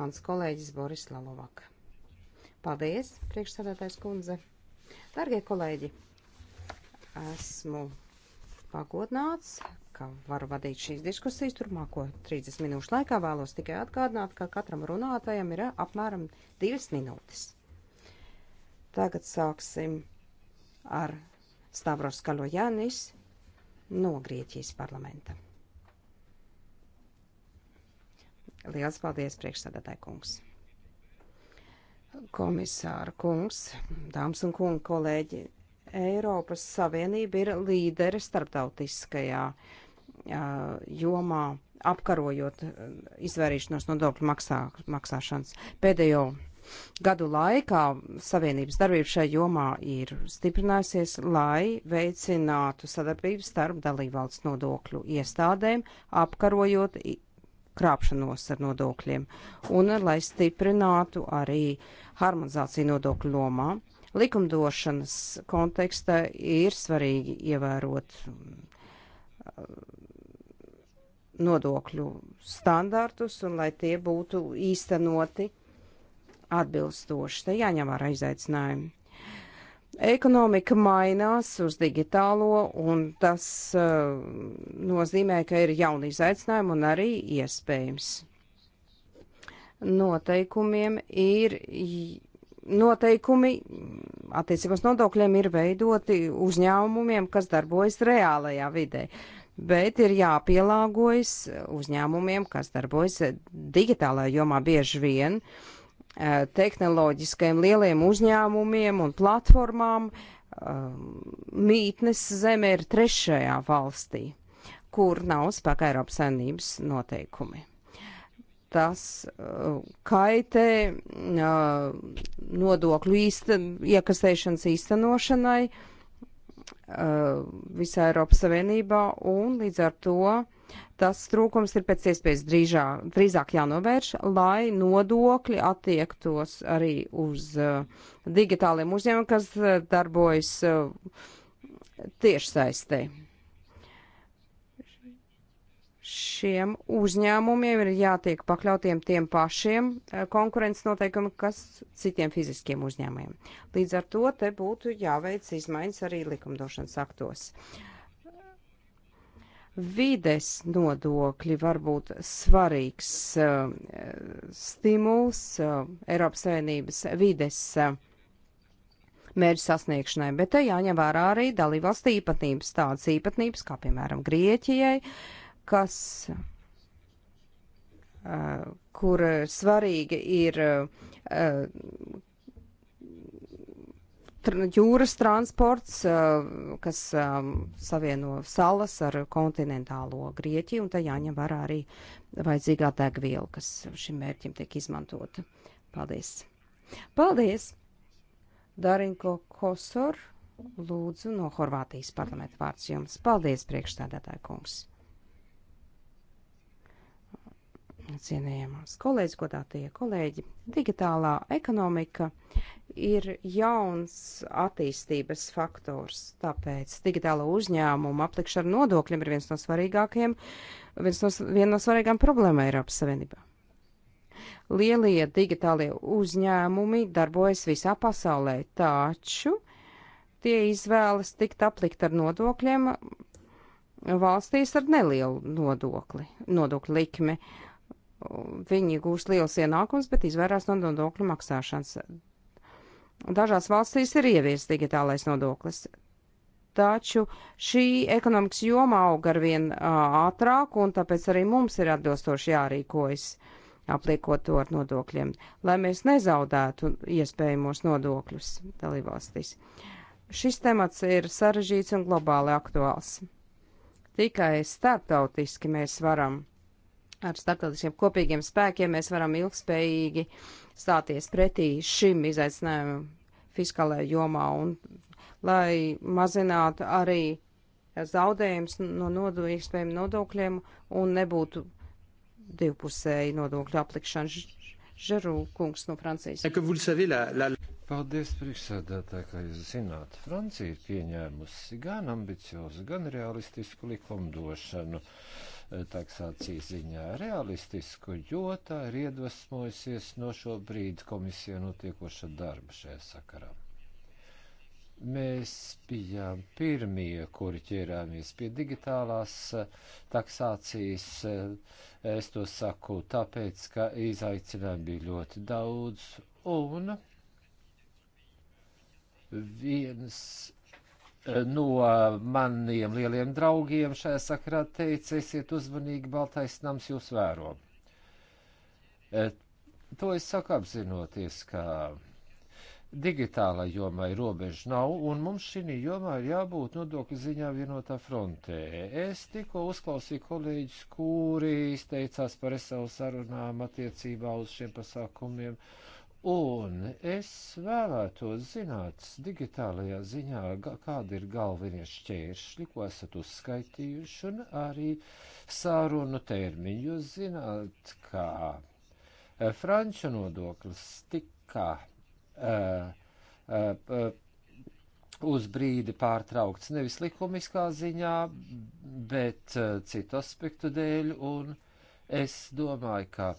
mans kolēģis Boris Lalovaka. Paldies, priekšsādātājs kundze. Dargie kolēģi, esmu pagodināts, ka varu vadīt šīs diskusijas turpmāko 30 minūšu laikā. Vēlos tikai atgādināt, ka katram runātājam ir apmēram 2 minūtes. Tagad sāksim ar Stavros Kalojanis no Grieķijas parlamenta. Lielas paldies, priekšsēdētāji kungs! Komisāra kungs, dāmas un kungi, kolēģi, Eiropas Savienība ir līdere starptautiskajā jomā apkarojot izvairīšanos no dokļu maksā, maksāšanas. Pēdējo gadu laikā Savienības darbība šai jomā ir stiprinājusies, lai veicinātu sadarbību starp dalībvalsts nodokļu iestādēm, apkarojot krāpšanos ar nodokļiem un lai stiprinātu arī harmonizāciju nodokļu lomā. Likumdošanas kontekstā ir svarīgi ievērot uh, nodokļu standartus un lai tie būtu īstenoti atbilstoši. Te jāņem vērā izaicinājumi. Ekonomika mainās uz digitālo, un tas uh, nozīmē, ka ir jauni izaicinājumi un arī iespējams. Noteikumiem ir, noteikumi attiecībās nodokļiem ir veidoti uzņēmumiem, kas darbojas reālajā vidē, bet ir jāpielāgojas uzņēmumiem, kas darbojas digitālajā jomā bieži vien. Uh, Eh, tehnoloģiskajiem lieliem uzņēmumiem un platformām eh, mītnes zeme ir trešajā valstī, kur nav spēkā Eiropas saimnības noteikumi. Tas eh, kaitē nodokļu īsta, iekasēšanas īstenošanai visā Eiropas Savienībā un līdz ar to Tas trūkums ir pēc iespējas drīzāk, drīzāk jānovērš, lai nodokļi attiektos arī uz uh, digitāliem uzņēmumiem, kas uh, darbojas uh, tiešsaistē. Šiem uzņēmumiem ir jātiek pakļautiem tiem pašiem uh, konkurences noteikumiem, kas citiem fiziskiem uzņēmumiem. Līdz ar to te būtu jāveic izmaiņas arī likumdošanas aktos. Uh, Vides nodokļi var būt svarīgs uh, stimuls uh, Eiropas Savienības vides uh, mērķu sasniegšanai, bet te jāņem vērā arī dalībvalstu īpatnības, tādas īpatnības kā, piemēram, Grieķijai, kas, uh, kur svarīgi ir uh, jūras transports, kas savieno salas ar kontinentālo Grieķiju, un te jāņem vērā arī vajadzīgā degviela, kas šim mērķim tiek izmantota. Paldies! Paldies! Darinko Kosor, lūdzu, no Horvātijas parlamenta vārds jums. Paldies, priekšstādātāja kungs! cienējamās kolēģis, godātie kolēģi. Digitālā ekonomika ir jauns attīstības faktors, tāpēc digitālo uzņēmumu aplikšana nodokļiem ir viens no svarīgākajiem, viens no, viena no svarīgām problēmām Eiropas Savienībā. Lielie digitālie uzņēmumi darbojas visā pasaulē, taču tie izvēlas tikt aplikt ar nodokļiem valstīs ar nelielu nodokli, nodokļu likmi. Uh, Viņi gūst liels ienākums, bet izvairās no nodokļu maksāšanas. Dažās valstīs ir ieviests digitālais nodoklis. Taču šī ekonomikas joma aug ar vien ātrāk, un tāpēc arī mums ir atbilstoši jārīkojas, apliekot to ar nodokļiem, lai mēs nezaudētu iespējamos nodokļus dalībvalstīs. Šis temats ir sarežģīts un globāli aktuāls. Tikai starptautiski mēs varam ar starptautiskiem kopīgiem spēkiem mēs varam ilgspējīgi stāties pretī šim izaicinājumam fiskālajā jomā un lai mazinātu arī zaudējums no nodokļiem nodokļiem un nebūtu divpusēji nodokļu aplikšana. Žerū kungs no Francijas. Paldies, priekšsēdētāji, ka jūs zināt, Francija ir pieņēmusi gan ambiciozu, gan realistisku likumdošanu. Uh, Eh, taksācijas ziņā realistisku, jo tā ir iedvesmojusies no šobrīd komisija notiekoša darba šajā sakarā. Mēs bijām pirmie, kuri ķērāmies pie digitālās eh, taksācijas. Eh, es to saku tāpēc, ka izaicinājumi bija ļoti daudz un viens no maniem lieliem draugiem šajā sakrā teica, esiet uzmanīgi, Baltais nams jūs vēro. E, to es saku apzinoties, ka digitālā jomā ir robeža nav, un mums šī jomā ir jābūt nodokļu ziņā vienotā frontē. Es tikko uzklausīju kolēģis, kuri izteicās par SAU sarunām attiecībā uz šiem pasākumiem, Un es vēlētos zināt, digitālajā ziņā, kādi ir galvenie šķēršļi, ko esat uzskaitījuši, un arī sārunu termiņu. Jūs zināt, ka e, franču nodoklis tika uh, uh, uz brīdi pārtraukts nevis likumiskā ziņā, bet uh, citu aspektu dēļ, un es domāju, ka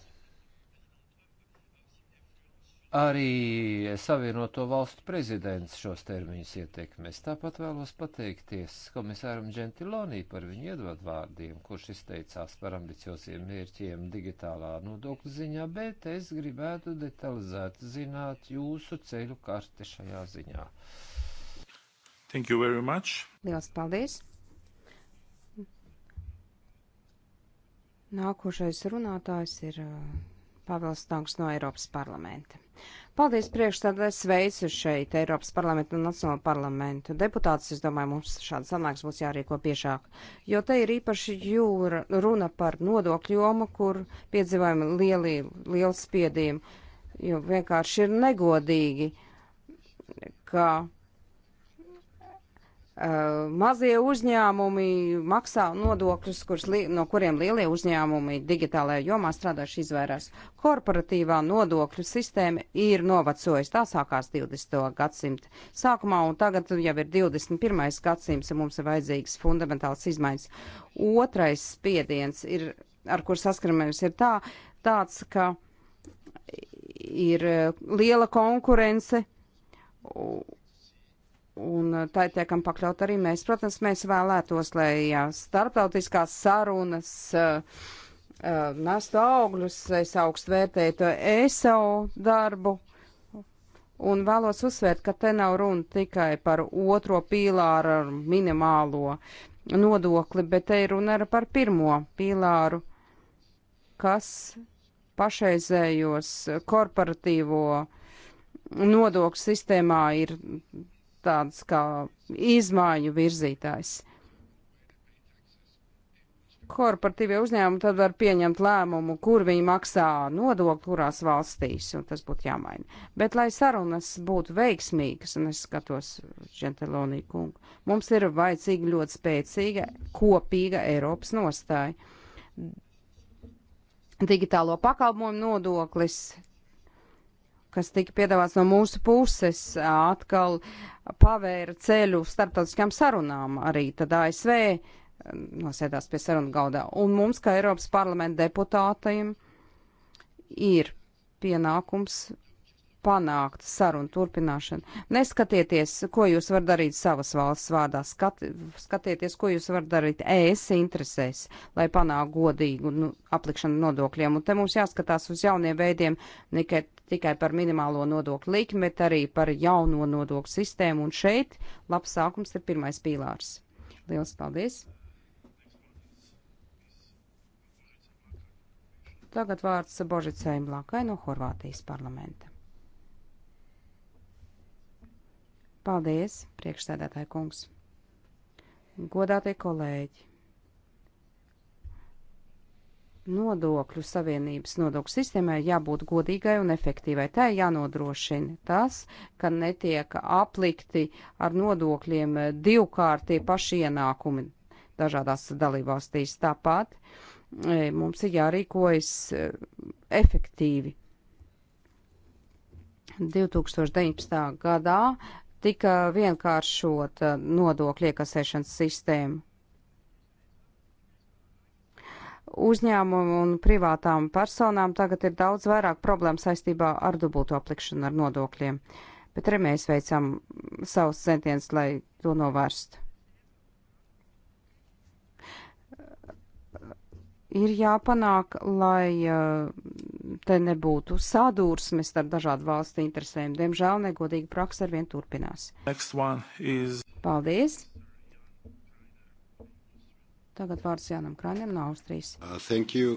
arī Savienoto valstu prezidents šos termiņus ietekmēs. Tāpat vēlos pateikties komisāram Gentilonī par viņu iedvadu vārdiem, kurš izteicās par ambicioziem mērķiem digitālā nodokļu ziņā, bet es gribētu detalizēt zināt jūsu ceļu karti šajā ziņā. Thank you very much. Lielas paldies. Nākošais runātājs ir uh, Pāvils Tanks no Eiropas parlamenta. Paldies priekšstādājai sveicu šeit Eiropas parlamentu un Nacionālo parlamentu deputātus. Es domāju, mums šāda sanāks būs jārīko piešāk, jo te ir īpaši jūra runa par nodokļu jomu, kur piedzīvojam lieli, liels spiedienu, jo vienkārši ir negodīgi, ka Eh, mazie uzņēmumi maksā nodokļus, kurs, no kuriem lielie uzņēmumi digitālajā jomā strādājuši izvairās. Korporatīvā nodokļu sistēma ir novacojusi. Tā sākās 20. gadsimta sākumā, un tagad jau ir 21. gadsimts, ja mums ir vajadzīgs fundamentāls izmaiņas. Otrais spiediens, ir, ar kur saskaramies, ir tā, tāds, ka ir eh, liela konkurence un eh, tā tiekam pakļaut arī mēs. Protams, mēs vēlētos, lai jā, starptautiskās sarunas uh, uh, nestu augļus, es augstu vērtēju to ESO darbu. Un vēlos uzsvērt, ka te nav runa tikai par otro pīlāru ar minimālo nodokli, bet te ir runa arī par pirmo pīlāru, kas pašreizējos korporatīvo nodokļu sistēmā ir tāds kā izmaiņu virzītājs. Korporatīvie uzņēmumi tad var pieņemt lēmumu, kur viņi maksā nodokli, kurās valstīs, un tas būtu jāmaina. Bet, lai sarunas būtu veiksmīgas, un es skatos Čentelonī kungu, mums ir vajadzīga ļoti spēcīga, kopīga Eiropas nostāja digitālo pakalpojumu nodoklis, kas tika piedāvāts no mūsu puses, atkal pavēra ceļu starptautiskām sarunām. Arī tad ASV eh, nosēdās pie sarunu galdā. Un mums, kā Eiropas parlamenta deputātajiem, ir pienākums panākt sarunu turpināšanu. Neskatieties, ko jūs varat darīt savas valsts vārdā, skat, skatieties, ko jūs varat darīt ES interesēs, lai panāktu godīgu nu, aplikšanu nodokļiem. Un te mums jāskatās uz jauniem veidiem, ne, tikai par minimālo nodokļu likmi, bet arī par jauno nodokļu sistēmu, un šeit labs sākums ir pirmais pīlārs. Lielas paldies! Tagad vārds Božicējiem Lakai no Horvātijas parlamenta. Paldies, priekšsēdētāji kungs! Godātie kolēģi! Nodokļu savienības nodokļu sistēmai jābūt godīgai un efektīvai. Tā jānodrošina tas, ka netiek aplikti ar nodokļiem divkārtie paši ienākumi dažādās dalībvalstīs. Tāpat e, mums ir jārīkojas e, efektīvi. 2019. gadā tika vienkāršota e, nodokļu iekasēšanas sistēma uzņēmumu un privātām personām tagad ir daudz vairāk problēmu saistībā ar dubulto aplikšanu ar nodokļiem. Bet arī mēs veicam savus centienus, lai to novērstu. Ir jāpanāk, lai eh, te nebūtu sadūrsmes starp dažādu valstu interesēm. Diemžēl negodīga praksa arvien turpinās. Is... Paldies! Tagad vārds Jānam Kraņam no Austrijas. Uh, thank you.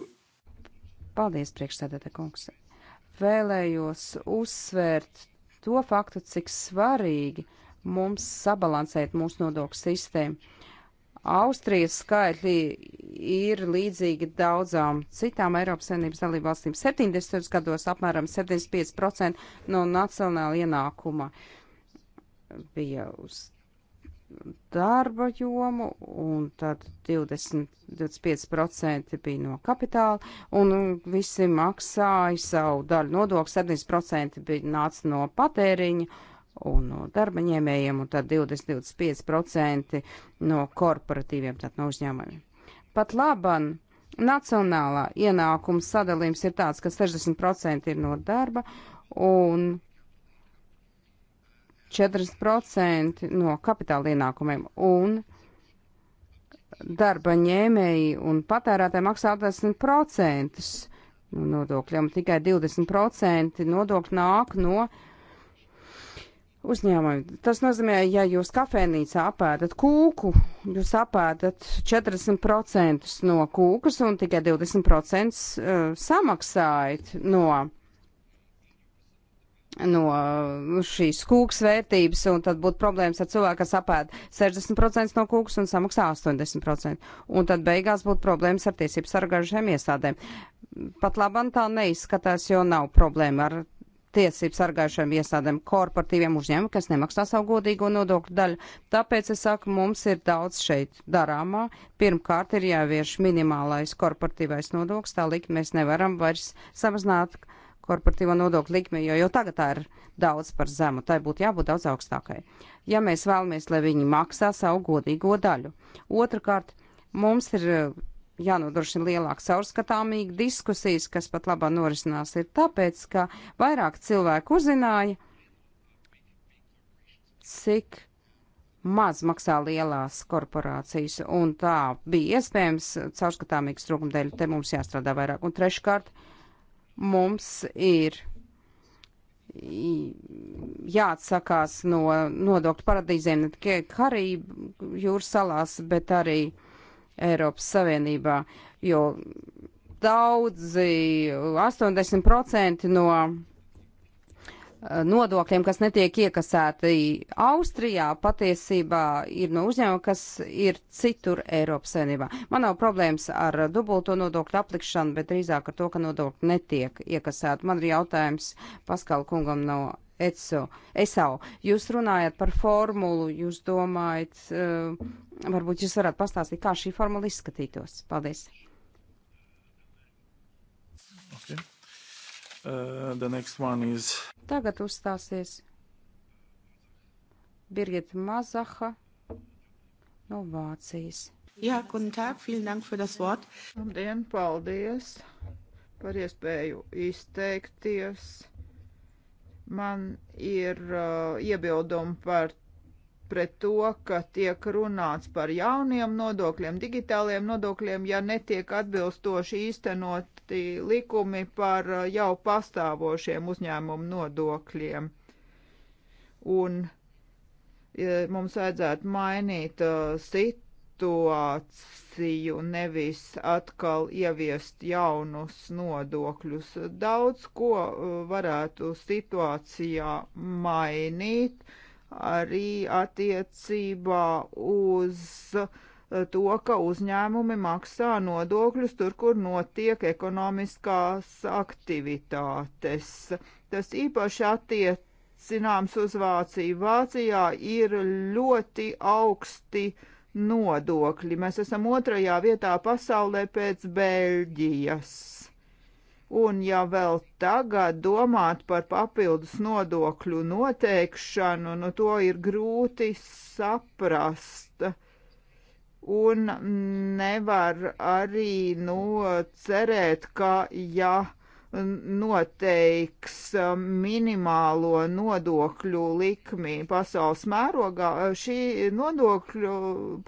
Paldies, priekšsēdētā kungs. Vēlējos uzsvērt to faktu, cik svarīgi mums sabalansēt mūsu nodokļu sistēmu. Austrijas skaitļi ir līdzīgi daudzām citām Eiropas Savienības dalībvalstīm. 70. gados apmēram 75% no nacionāla ienākuma bija uz darba jomu, un tad 20, 25% bija no kapitāla, un visi maksāja savu daļu nodokli, 7% bija nāca no patēriņa un no darba ņēmējiem, un tad 20-25% no korporatīviem, tad no uzņēmumiem. Pat laban nacionālā ienākuma sadalījums ir tāds, ka 60% ir no darba, un 4% no kapitāla ienākumiem, un darba ņēmēji un patērētāji maksā 10% nodokļiem, tikai 20% nodokļu nāk no uzņēmumiem. Tas nozīmē, ja jūs kafejnīcā apēdat kūku, jūs apēdat 40% no kūkas un tikai 20% eh, samaksājat no kūkas no uh, šīs kūks vērtības, un tad būtu problēmas ar cilvēku, kas apēd 60% no kūks un samaksā 80%. Un tad beigās būtu problēmas ar tiesību sargājušiem iestādēm. Pat labam tā neizskatās, jo nav problēma ar tiesību sargājušiem iestādēm korporatīviem uzņēmumiem, kas nemaksā savu godīgo nodokļu daļu. Tāpēc es saku, mums ir daudz šeit darāmā. Pirmkārt ir jāvieš minimālais korporatīvais nodoklis, tā likt mēs nevaram vairs samazināt korporatīvo nodokļu likmi, jo jau tagad tā ir daudz par zemu, tai būtu jābūt daudz augstākai. Ja mēs vēlamies, lai viņi maksā savu godīgo daļu. Otrakārt, mums ir eh, jānodrošina lielāka caurskatāmīga diskusijas, kas pat labā norisinās ir tāpēc, ka vairāk cilvēku uzzināja, cik maz maksā lielās korporācijas, un tā bija iespējams caurskatāmīgas trūkuma dēļ, te mums jāstrādā vairāk. Un treškārt, uh, Mums ir jāatsakās no nodokļu paradīzēm ne tikai Karību jūras salās, bet arī Eiropas Savienībā, jo daudzi 80% no Eh, nodokļiem, kas netiek iekasēti Austrijā, patiesībā ir no uzņēmuma, kas ir citur Eiropas savienībā. Man nav problēmas ar dubulto nodokļu aplikšanu, bet drīzāk ar to, ka nodokļi netiek iekasēti. Man ir jautājums Paskala kungam no ECO. ESAU. Jūs runājat par formulu, jūs domājat, eh, varbūt jūs varat pastāstīt, kā šī formula izskatītos. Paldies! Uh, is... Tagad uzstāsies Birgita Mazaha no Vācijas. Jā, guten Tag, vielen Dank für das Wort. Labdien, paldies par iespēju izteikties. Man ir uh, iebildumi par pret to, ka tiek runāts par jauniem nodokļiem, digitāliem nodokļiem, ja netiek atbilstoši īstenoti likumi par uh, jau pastāvošiem uzņēmumu nodokļiem. Un ja mums vajadzētu mainīt uh, situāciju, nevis atkal ieviest jaunus nodokļus. Daudz ko uh, varētu situācijā mainīt arī attiecībā uz eh, to, ka uzņēmumi maksā nodokļus tur, kur notiek ekonomiskās aktivitātes. Tas īpaši attiecināms uz Vāciju. Vācijā ir ļoti augsti nodokļi. Mēs esam otrajā vietā pasaulē pēc Beļģijas un ja vēl tagad domāt par papildus nodokļu noteikšanu, nu to ir grūti saprast. Un nevar arī nu, cerēt, ka ja noteiks um, minimālo nodokļu likmi pasaules mērogā, šī nodokļu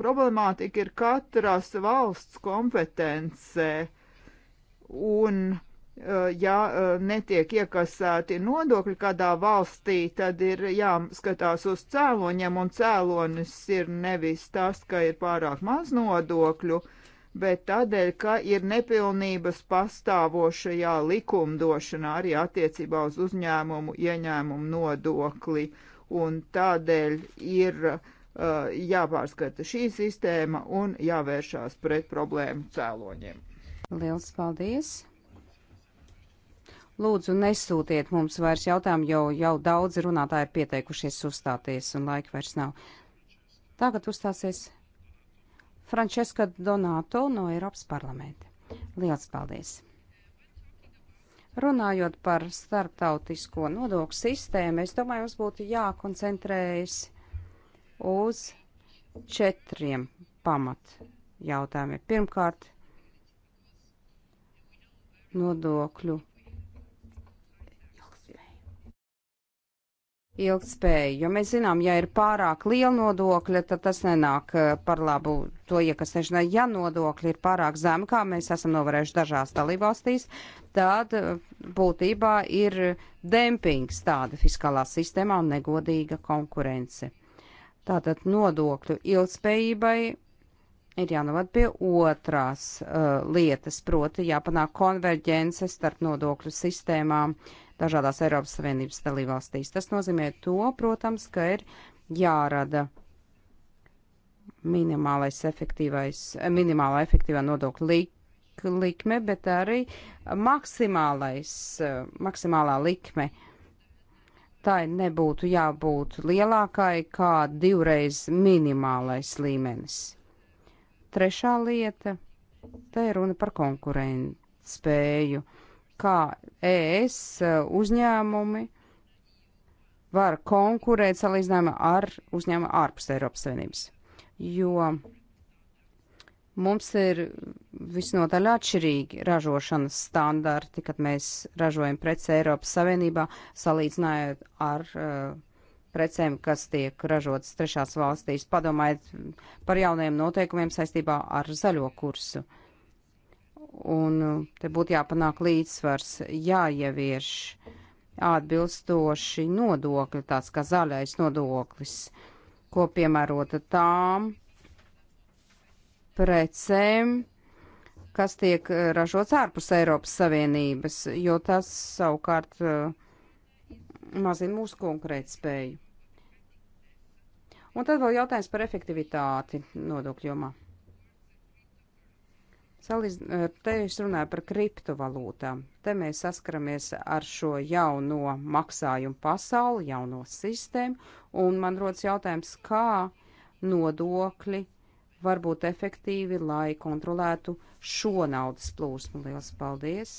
problemātika ir katras valsts kompetencē. Un ja eh, netiek iekasēti nodokļi kādā valstī, tad ir jāskatās uz cēloņiem, un cēlonis ir nevis tas, ka ir pārāk maz nodokļu, bet tādēļ, ka ir nepilnības pastāvošajā likumdošanā arī attiecībā uz uzņēmumu ieņēmumu nodokli, un tādēļ ir uh, jāpārskata šī sistēma un jāvēršās pret problēmu cēloņiem. Liels paldies! Lūdzu, nesūtiet mums vairs jautājumu, jo jau daudzi runātāji ir pieteikušies uzstāties un laika vairs nav. Tagad uzstāsies Frančeska Donato no Eiropas parlamenta. Liels paldies! Runājot par starptautisko nodokļu sistēmu, es domāju, mums būtu jākoncentrējas uz četriem pamat jautājumiem. Pirmkārt, nodokļu ilgspēju. Jo mēs zinām, ja ir pārāk liela nodokļa, tad tas nenāk eh, par labu to iekasēšanai. Ja nodokļi ir pārāk zemi, kā mēs esam novērējuši dažās dalībvalstīs, tad eh, būtībā ir dempings tāda fiskālā sistēmā un negodīga konkurence. Tātad nodokļu ilgspējībai ir jānovad pie otrās uh, lietas, proti jāpanāk konverģence starp nodokļu sistēmām. Uh, dažādās Eiropas Savienības dalībvalstīs. Tas nozīmē to, protams, ka ir jārada minimālais efektīvais, minimālā efektīvā nodokļa lik, likme, bet arī maksimālais, maksimālā likme. Tai nebūtu jābūt lielākai kā divreiz minimālais līmenis. Trešā lieta - te ir runa par konkurentu spēju. Uh, kā ES eh, uzņēmumi var konkurēt salīdzinājumā ar uzņēmumu ārpus Eiropas Savienības. Jo mums ir visnotaļ atšķirīgi ražošanas standarti, kad mēs ražojam preces Eiropas Savienībā, salīdzinājot ar uh, precēm, kas tiek ražotas trešās valstīs. Padomājiet par jaunajiem noteikumiem saistībā ar zaļo kursu. Uh, un uh, te būtu jāpanāk līdzsvars, jāievieš atbilstoši nodokļi, tāds kā zaļais nodoklis, ko piemērota tām precēm, kas tiek uh, ražots ārpus Eiropas Savienības, jo tas savukārt uh, mazina mūsu konkurētspēju. Un tad vēl jautājums par efektivitāti nodokļu jomā. Salīdz, eh, te es runāju par kriptovalūtām. Te mēs saskaramies ar šo jauno maksājumu pasauli, jauno sistēmu, un man rodas jautājums, kā nodokļi var būt efektīvi, lai kontrolētu šo naudas plūsmu. Lielas paldies!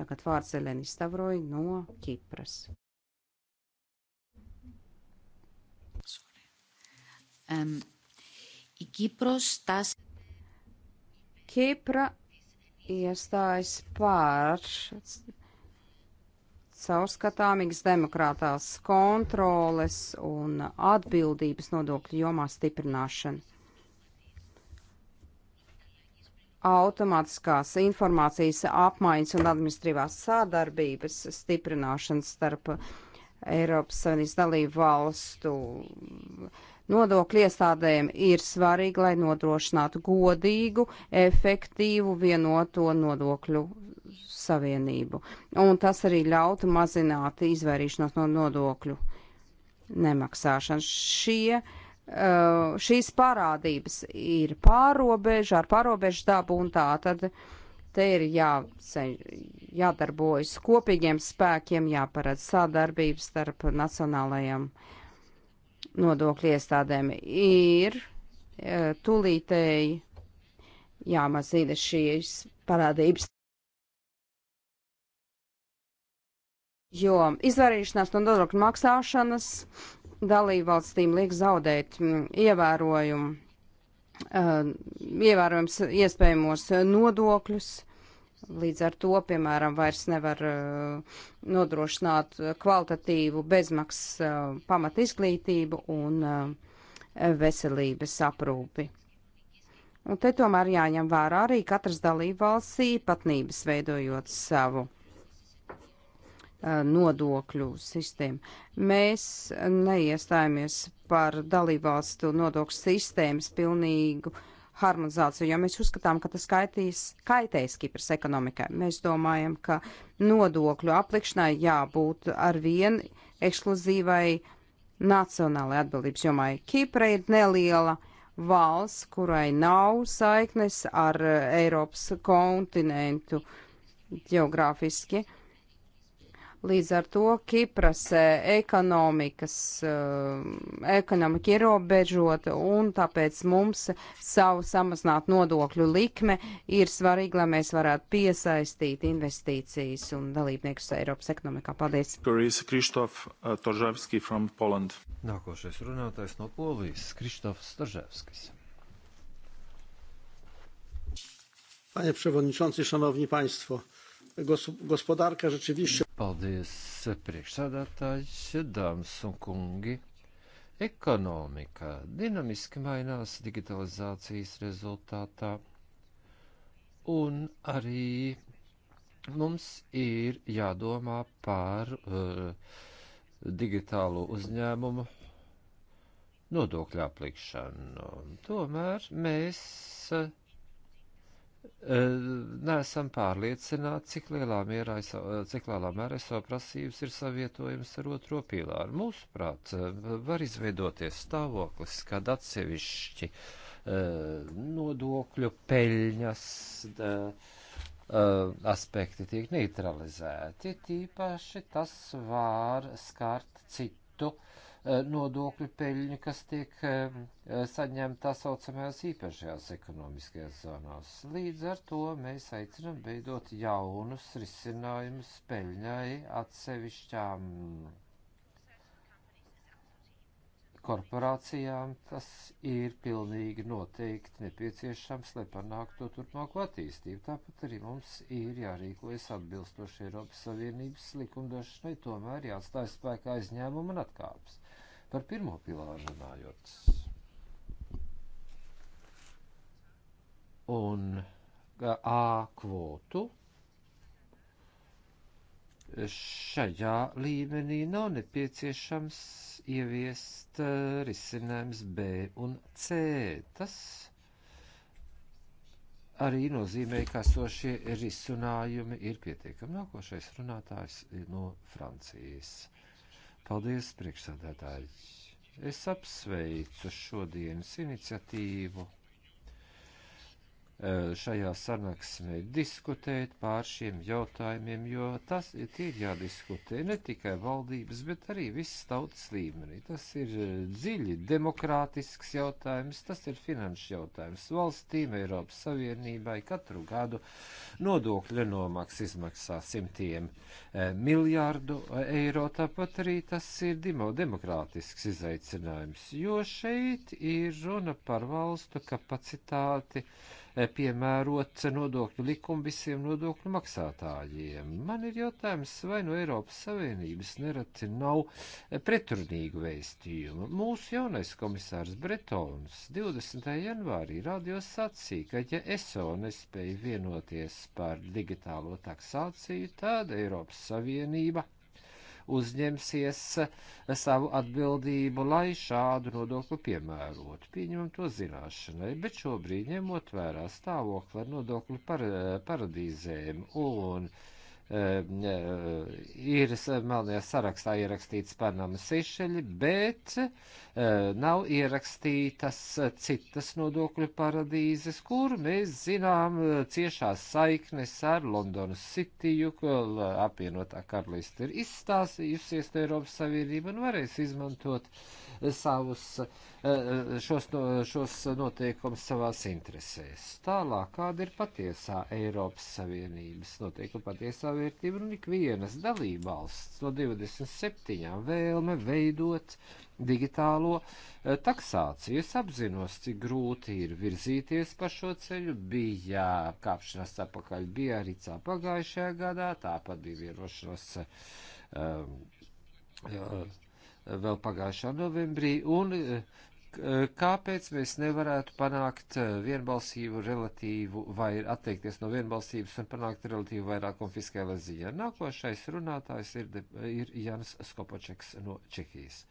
Tagad vārds Elenis Stavroji no Kipras. Um, η Κύπρος τάση Kipra iestājas pār caurskatāmīgas demokrātās kontroles un atbildības nodokļu jomā stiprināšana. Automātiskās informācijas apmaiņas un administrīvās sadarbības stiprināšana starp Eiropas Savienības dalību valstu uh, nodokļu iestādēm ir svarīgi, lai nodrošinātu godīgu, efektīvu, vienoto nodokļu savienību. Un tas arī ļautu mazināt izvairīšanos no nodokļu nemaksāšanas. Šie Uh, šīs parādības ir pārobeža, ar pārobežu dabu un tā, tad te ir jā, jādarbojas kopīgiem spēkiem, jāparāda sadarbības starp nacionālajiem uh, nodokļu iestādēm ir e, tūlītēji jāmazina šīs parādības. Jo izvairīšanās no nodokļu maksāšanas dalībvalstīm liek zaudēt ievērojumu, e, ievērojums iespējamos nodokļus Līdz ar to, piemēram, vairs nevar uh, nodrošināt kvalitatīvu bezmaksas uh, pamat izglītību un uh, veselības aprūpi. Un te tomēr jāņem vērā arī katras dalībvalsts īpatnības veidojot savu nodokļu sistēmu. Mēs neiestājamies par dalībvalstu nodokļu sistēmas pilnīgu uh, harmonizāciju, jo mēs uzskatām, ka tas kaitīs, kaitēs Kipras ekonomikai. Mēs domājam, ka nodokļu aplikšanai jābūt ar vien ekskluzīvai nacionālai atbildības jomai. Kipra ir neliela valsts, kurai nav saiknes ar Eiropas kontinentu geogrāfiski. Uh, Līdz ar to Kipras eh, ekonomikas, eh, ekonomika ir robežota un tāpēc mums savu samazināt nodokļu likme ir svarīgi, lai mēs varētu piesaistīt investīcijas un dalībniekus Eiropas ekonomikā. Paldies! Tur ir Kristof eh, Toževski from Poland. Nākošais runātājs no Polijas - Kristofs Toževskis. Panie Przewodniczący, Szanowni Państwo! gospodārka rzeczywiście. Paldies, priekšsādātājs, dāmas un kungi. Ekonomika dinamiski mainās digitalizācijas rezultātā, un arī mums ir jādomā par uh, digitālo uzņēmumu nodokļu aplikšanu. Tomēr mēs uh, neesam pārliecināti, cik lielā, mierā, cik lielā mērā SO prasības ir savietojams ar otro pīlāru. Mūsuprāt, var izveidoties stāvoklis, kad atsevišķi nodokļu peļņas aspekti tiek neutralizēti, tīpaši tas var skārt citu uh, Eh, nodokļu peļņu, kas tiek eh, saņemta tā saucamajās īpašajās ekonomiskajās zonās. Līdz ar to mēs aicinam veidot jaunus risinājumus peļņai atsevišķām korporācijām. Tas ir pilnīgi noteikti nepieciešams, lai panāktu turpmāko attīstību. Tāpat arī mums ir jārīkojas atbilstoši Eiropas Savienības likumdošanai, tomēr jāatstāj spēkā aizņēmuma un atkāpes Par pirmo pilāru runājot. Un A kvotu šajā līmenī nav nepieciešams ieviest eh, risinājums B un C. Tas arī nozīmē, ka sošie risinājumi ir pietiekami. Nākošais runātājs no Francijas. Paldies, priekšsādātāji! Es apsveicu šodienas iniciatīvu Eh, šajā sanāksmē diskutēt pār šiem jautājumiem, jo tas ir jādiskutē ne tikai valdības, bet arī viss tautas līmenī. Tas ir eh, dziļi demokrātisks jautājums, tas ir finanšu jautājums valstīm, Eiropas Savienībai. Katru gadu nodokļu nomaks izmaksā simtiem eh, miljārdu eiro, tāpat arī tas ir dimo demokrātisks izaicinājums, jo šeit ir runa par valstu kapacitāti. Uh, E, piemērot nodokļu likumu visiem nodokļu maksātājiem. Man ir jautājums, vai no Eiropas Savienības nereti nav e, pretrunīgu vēstījumu. Mūsu jaunais komisārs Bretons 20. janvārī radio sacīja, ka ja ESO nespēja vienoties par digitālo taksāciju, tad Eiropas Savienība uzņemsies savu atbildību, lai šādu nodokli piemērotu. Pieņemam to zināšanai, bet šobrīd ņemot vērā stāvokli ar nodokļu par, paradīzēm un uh, Ehm, e, ir melnajā sarakstā ierakstīts Panamas Sešeļi, bet e, nav ierakstītas citas nodokļu paradīzes, kur mēs zinām e, ciešās saiknes ar Londonas Cityju, ko apvienotā karaliste ir izstāstījusies Eiropas Savienība un varēs izmantot savus uh, Eh, šos, šos noteikumus savās interesēs. Tālāk, kāda ir patiesā Eiropas Savienības noteikuma patiesā vērtība un nu, ikvienas dalībvalsts no 27 vēlme veidot digitālo eh, taksāciju. Es apzinos, cik grūti ir virzīties pa šo ceļu. Bija kāpšanās apakaļ, bija arī cā pagājušajā gadā, tāpat bija vienošanos. Um, eh, jā, vēl pagājušā novembrī, un Eh, kāpēc mēs nevarētu panākt eh, vienbalsību relatīvu vai atteikties no vienbalsības un panākt relatīvu vairākumu fiskālā ziņā. Nākošais runātājs ir, ir Jans Skopočeks no Čehijas.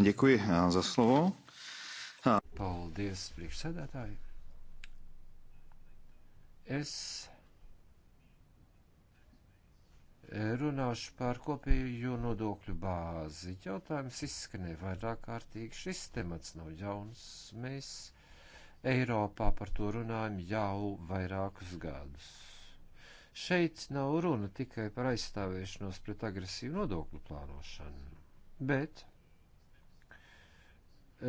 Děkuji eh, za slovo. Paldies, priekšsēdētāji. Es Runāšu par kopējo nodokļu bāzi. Jautājums izskanēja vairāk kārtīgi. Šis temats nav jauns. Mēs Eiropā par to runājam jau vairākus gadus. Šeit nav runa tikai par aizstāvēšanos pret agresīvu nodokļu plānošanu, bet e,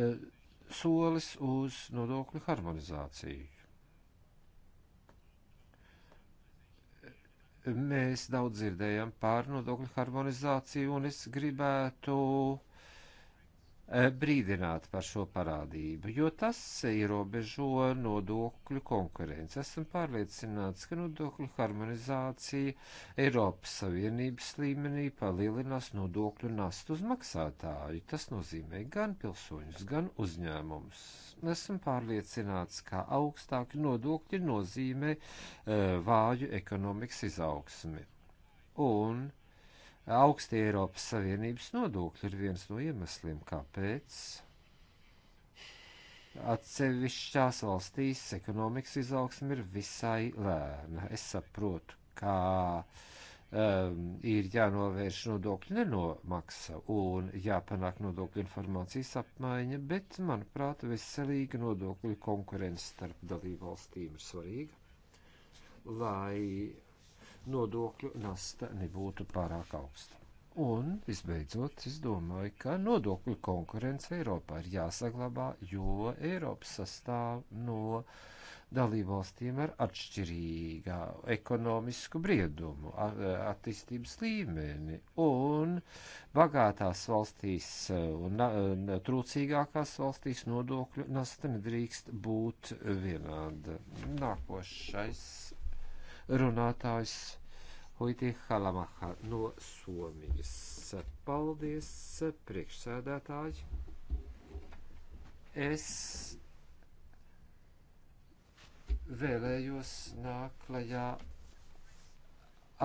solis uz nodokļu harmonizāciju Mēs daudz dzirdējam par nodokļu harmonizāciju, un es gribētu Eh, brīdināt par šo parādību, jo tas ierobežo nodokļu konkurenci. Esam pārliecināts, ka nodokļu harmonizācija Eiropas Savienības līmenī palielinās nodokļu nastu uz maksātāju. Tas nozīmē gan pilsoņus, gan uzņēmumus. Esam pārliecināts, ka augstāki nodokļi nozīmē uh, vāju ekonomikas izaugsmi. Un Augsti Eiropas Savienības nodokļi ir viens no iemesliem, kāpēc atsevišķās valstīs ekonomikas izaugsme ir visai lēna. Es saprotu, kā um, ir jānovērš nodokļu nenomaksa un jāpanāk nodokļu informācijas apmaiņa, bet, manuprāt, veselīga nodokļu konkurence starp dalību valstīm ir svarīga, lai nodokļu nasta nebūtu pārāk augsta. Un, visbeidzot, es domāju, ka nodokļu konkurence Eiropā ir jāsaglabā, jo Eiropa sastāv no dalībvalstīm ar atšķirīgā ekonomisku briedumu, attīstības līmeni, un bagātās valstīs e, un trūcīgākās valstīs nodokļu nasta nedrīkst būt vienāda. Nākošais runātājs Huitī Halamaha no Somijas. Paldies, priekšsēdētāji! Es vēlējos nākt klajā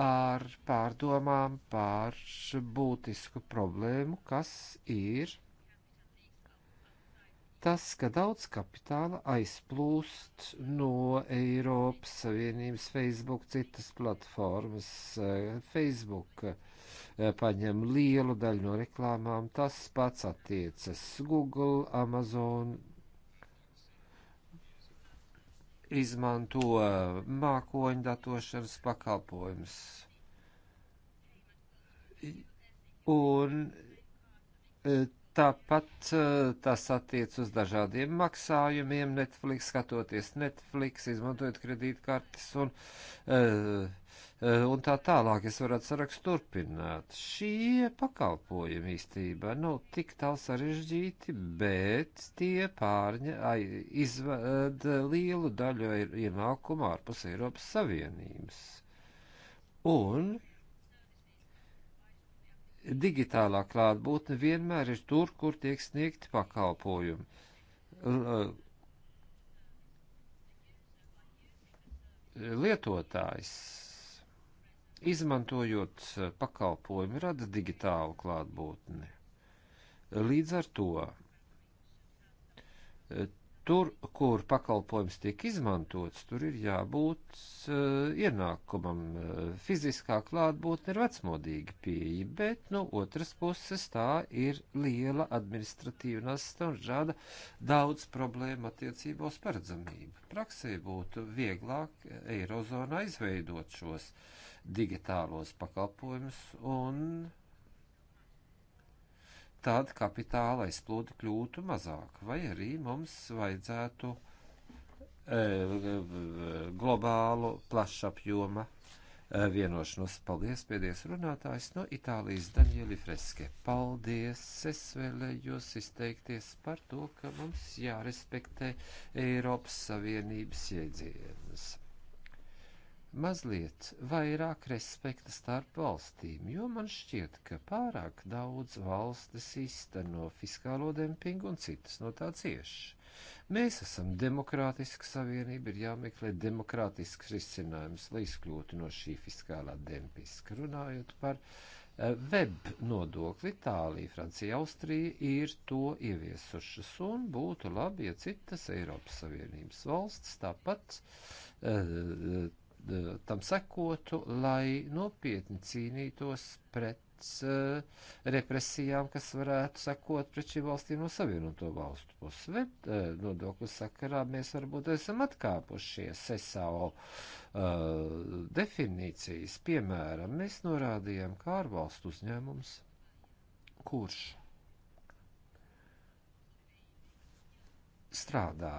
ar pārdomām par būtisku problēmu, kas ir tas, ka daudz kapitāla aizplūst no Eiropas Savienības Facebook citas platformas. Eh, Facebook eh, paņem lielu daļu no reklāmām, tas pats attiecas Google, Amazon. Izmanto eh, mākoņu datošanas pakalpojumus. Un Tāpat eh, tas attiec uz dažādiem maksājumiem, Netflix, skatoties Netflix, izmantojot kredītkartes un, eh, eh, un tā tālāk. Es varētu sarakstu turpināt. Šie pakalpojumi īstībā nav tik tālu sarežģīti, bet tie pārņa izved lielu daļu ienākumu ārpus Eiropas Savienības. Un digitālā klātbūtne vienmēr ir tur, kur tiek sniegti pakalpojumi. Eh, lietotājs, izmantojot eh, pakalpojumu, rada digitālu klātbūtni. Līdz ar to eh, tur, kur pakalpojums tiek izmantots, tur ir jābūt uh, ienākumam, uh, fiziskā klātbūtne ir vecmodīga pieeja, bet no nu, otras puses tā ir liela administratīva nasta un rada daudz problēmu attiecībā uz paredzamību. Praksē būtu vieglāk eh, Eirozonā izveidot šos digitālos pakalpojumus un tad kapitāla aizplūde kļūtu mazāk, vai arī mums vajadzētu e, e, globālu plašapjoma e, vienošanos. Paldies, pēdējais runātājs no Itālijas Danieli Freske. Paldies, es vēlējos izteikties par to, ka mums jārespektē Eiropas Savienības iedzienas mazliet vairāk respekta starp valstīm, jo man šķiet, ka pārāk daudz valstis īsteno fiskālo dempingu un citas no tā cieši. Mēs esam demokrātiska savienība, ir jāmeklē demokrātisks risinājums, lai izkļūtu no šī fiskālā dempiska. Runājot par eh, web nodokli, Itālija, Francija, Austrija ir to ieviesušas un būtu labi, ja citas Eiropas Savienības valsts tāpat eh, Eh, tam sekotu, lai nopietni cīnītos pret uh, represijām, kas varētu sekot pret šīm valstīm no savienoto valstu puses. Bet uh, nodokļu sakarā mēs varbūt esam atkāpušies SAO uh, definīcijas. Piemēram, mēs norādījām kā ārvalstu uzņēmums, kurš strādā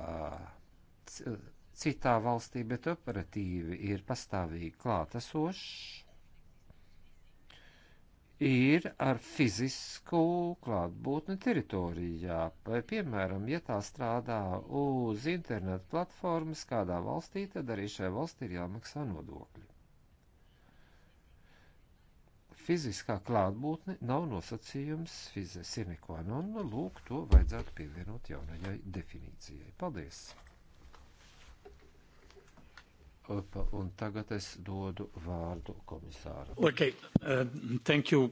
citā valstī, bet operatīvi ir pastāvīgi klātesošs, ir ar fizisku klātbūtni teritorijā. Vai, piemēram, ja tā strādā uz internetu platformas kādā valstī, tad arī šai valstī ir jāmaksā nodokļi. Fiziskā klātbūtne nav nosacījums fizes ir neko, un nu, lūk, to vajadzētu pievienot jaunajai definīcijai. Paldies! Un tagad es dodu vārdu komisāram. Okay. Uh, thank you.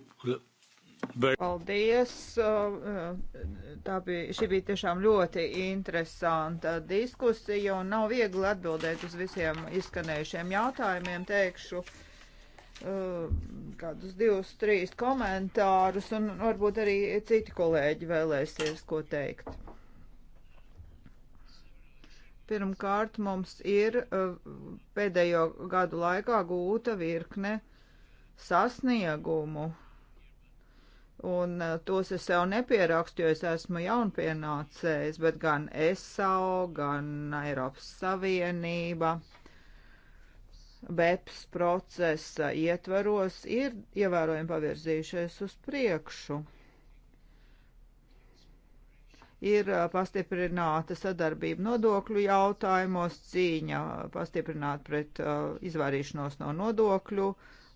Paldies! Uh, uh, tā bija, šī bija tiešām ļoti interesanta diskusija un nav viegli atbildēt uz visiem izskanējušiem jautājumiem. Teikšu uh, kādus divus, trīs komentārus un varbūt arī citi kolēģi vēlēsies ko teikt. Pirmkārt, mums ir eh, pēdējo gadu laikā gūta virkne sasniegumu. Un eh, tos es sev nepierakstu, jo es esmu jaunpienācējs, bet gan ESAO, gan Eiropas Savienība, BEPS procesa ietvaros ir ievērojami pavirzījušies uz priekšu ir pastiprināta sadarbība nodokļu jautājumos, cīņa pastiprināt pret uh, izvairīšanos no nodokļu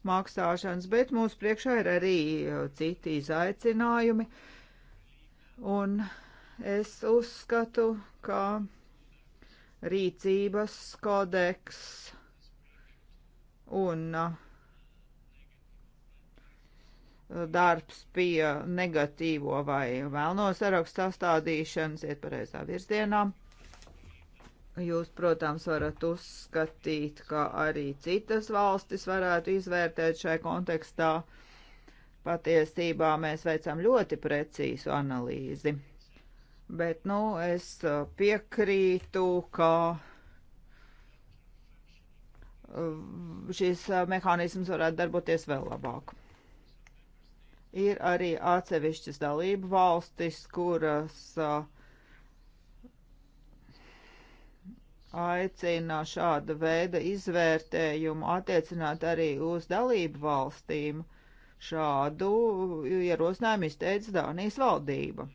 maksāšanas, bet mūsu priekšā ir arī citi izaicinājumi. Un es uzskatu, ka rīcības kodeks un uh, darbs pie negatīvo vai vēlno sarakstu sastādīšanas iet pareizā virzienā. Jūs, protams, varat uzskatīt, ka arī citas valstis varētu izvērtēt šai kontekstā. Patiesībā mēs veicam ļoti precīzu analīzi. Bet, nu, es piekrītu, ka uh, šis uh, mehānisms varētu darboties vēl labāk. Ir arī atsevišķas dalību valstis, kuras aicina šāda veida izvērtējumu attiecināt arī uz dalību valstīm. Šādu ierosinājumu izteica Dānijas valdība.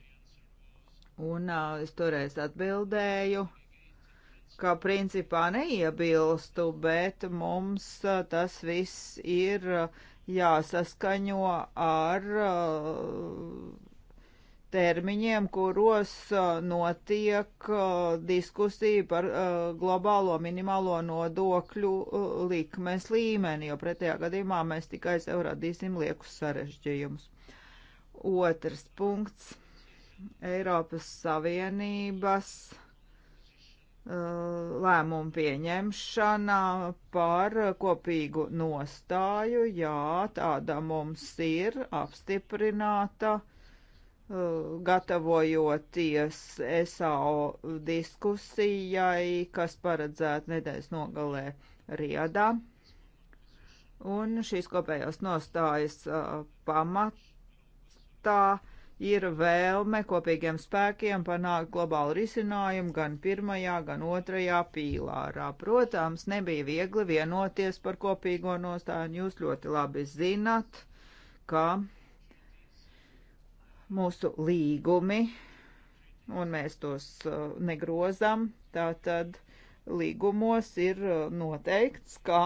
Un uh, es toreiz atbildēju, ka principā neiebilstu, bet mums uh, tas viss ir uh, jāsaskaņo ar uh, termiņiem, kuros uh, notiek uh, diskusija par globālo minimālo nodokļu likmes līmeni, jo pretējā gadījumā mēs tikai sev radīsim liekus sarežģījumus. Otrs punkts - Eiropas Savienības Uh, lēmumu pieņemšanā par kopīgu nostāju. Jā, tāda mums ir apstiprināta, uh, gatavojoties SAO diskusijai, kas paredzēta nedēļas nogalē Riedā. Un šīs kopējās nostājas uh, pamatā ir vēlme kopīgiem spēkiem panākt globālu risinājumu gan pirmajā, gan otrajā pīlārā. Protams, nebija viegli vienoties par kopīgo nostāju, jūs ļoti labi zinat, ka mūsu līgumi, un mēs tos uh, negrozam, tātad līgumos ir uh, noteikts, ka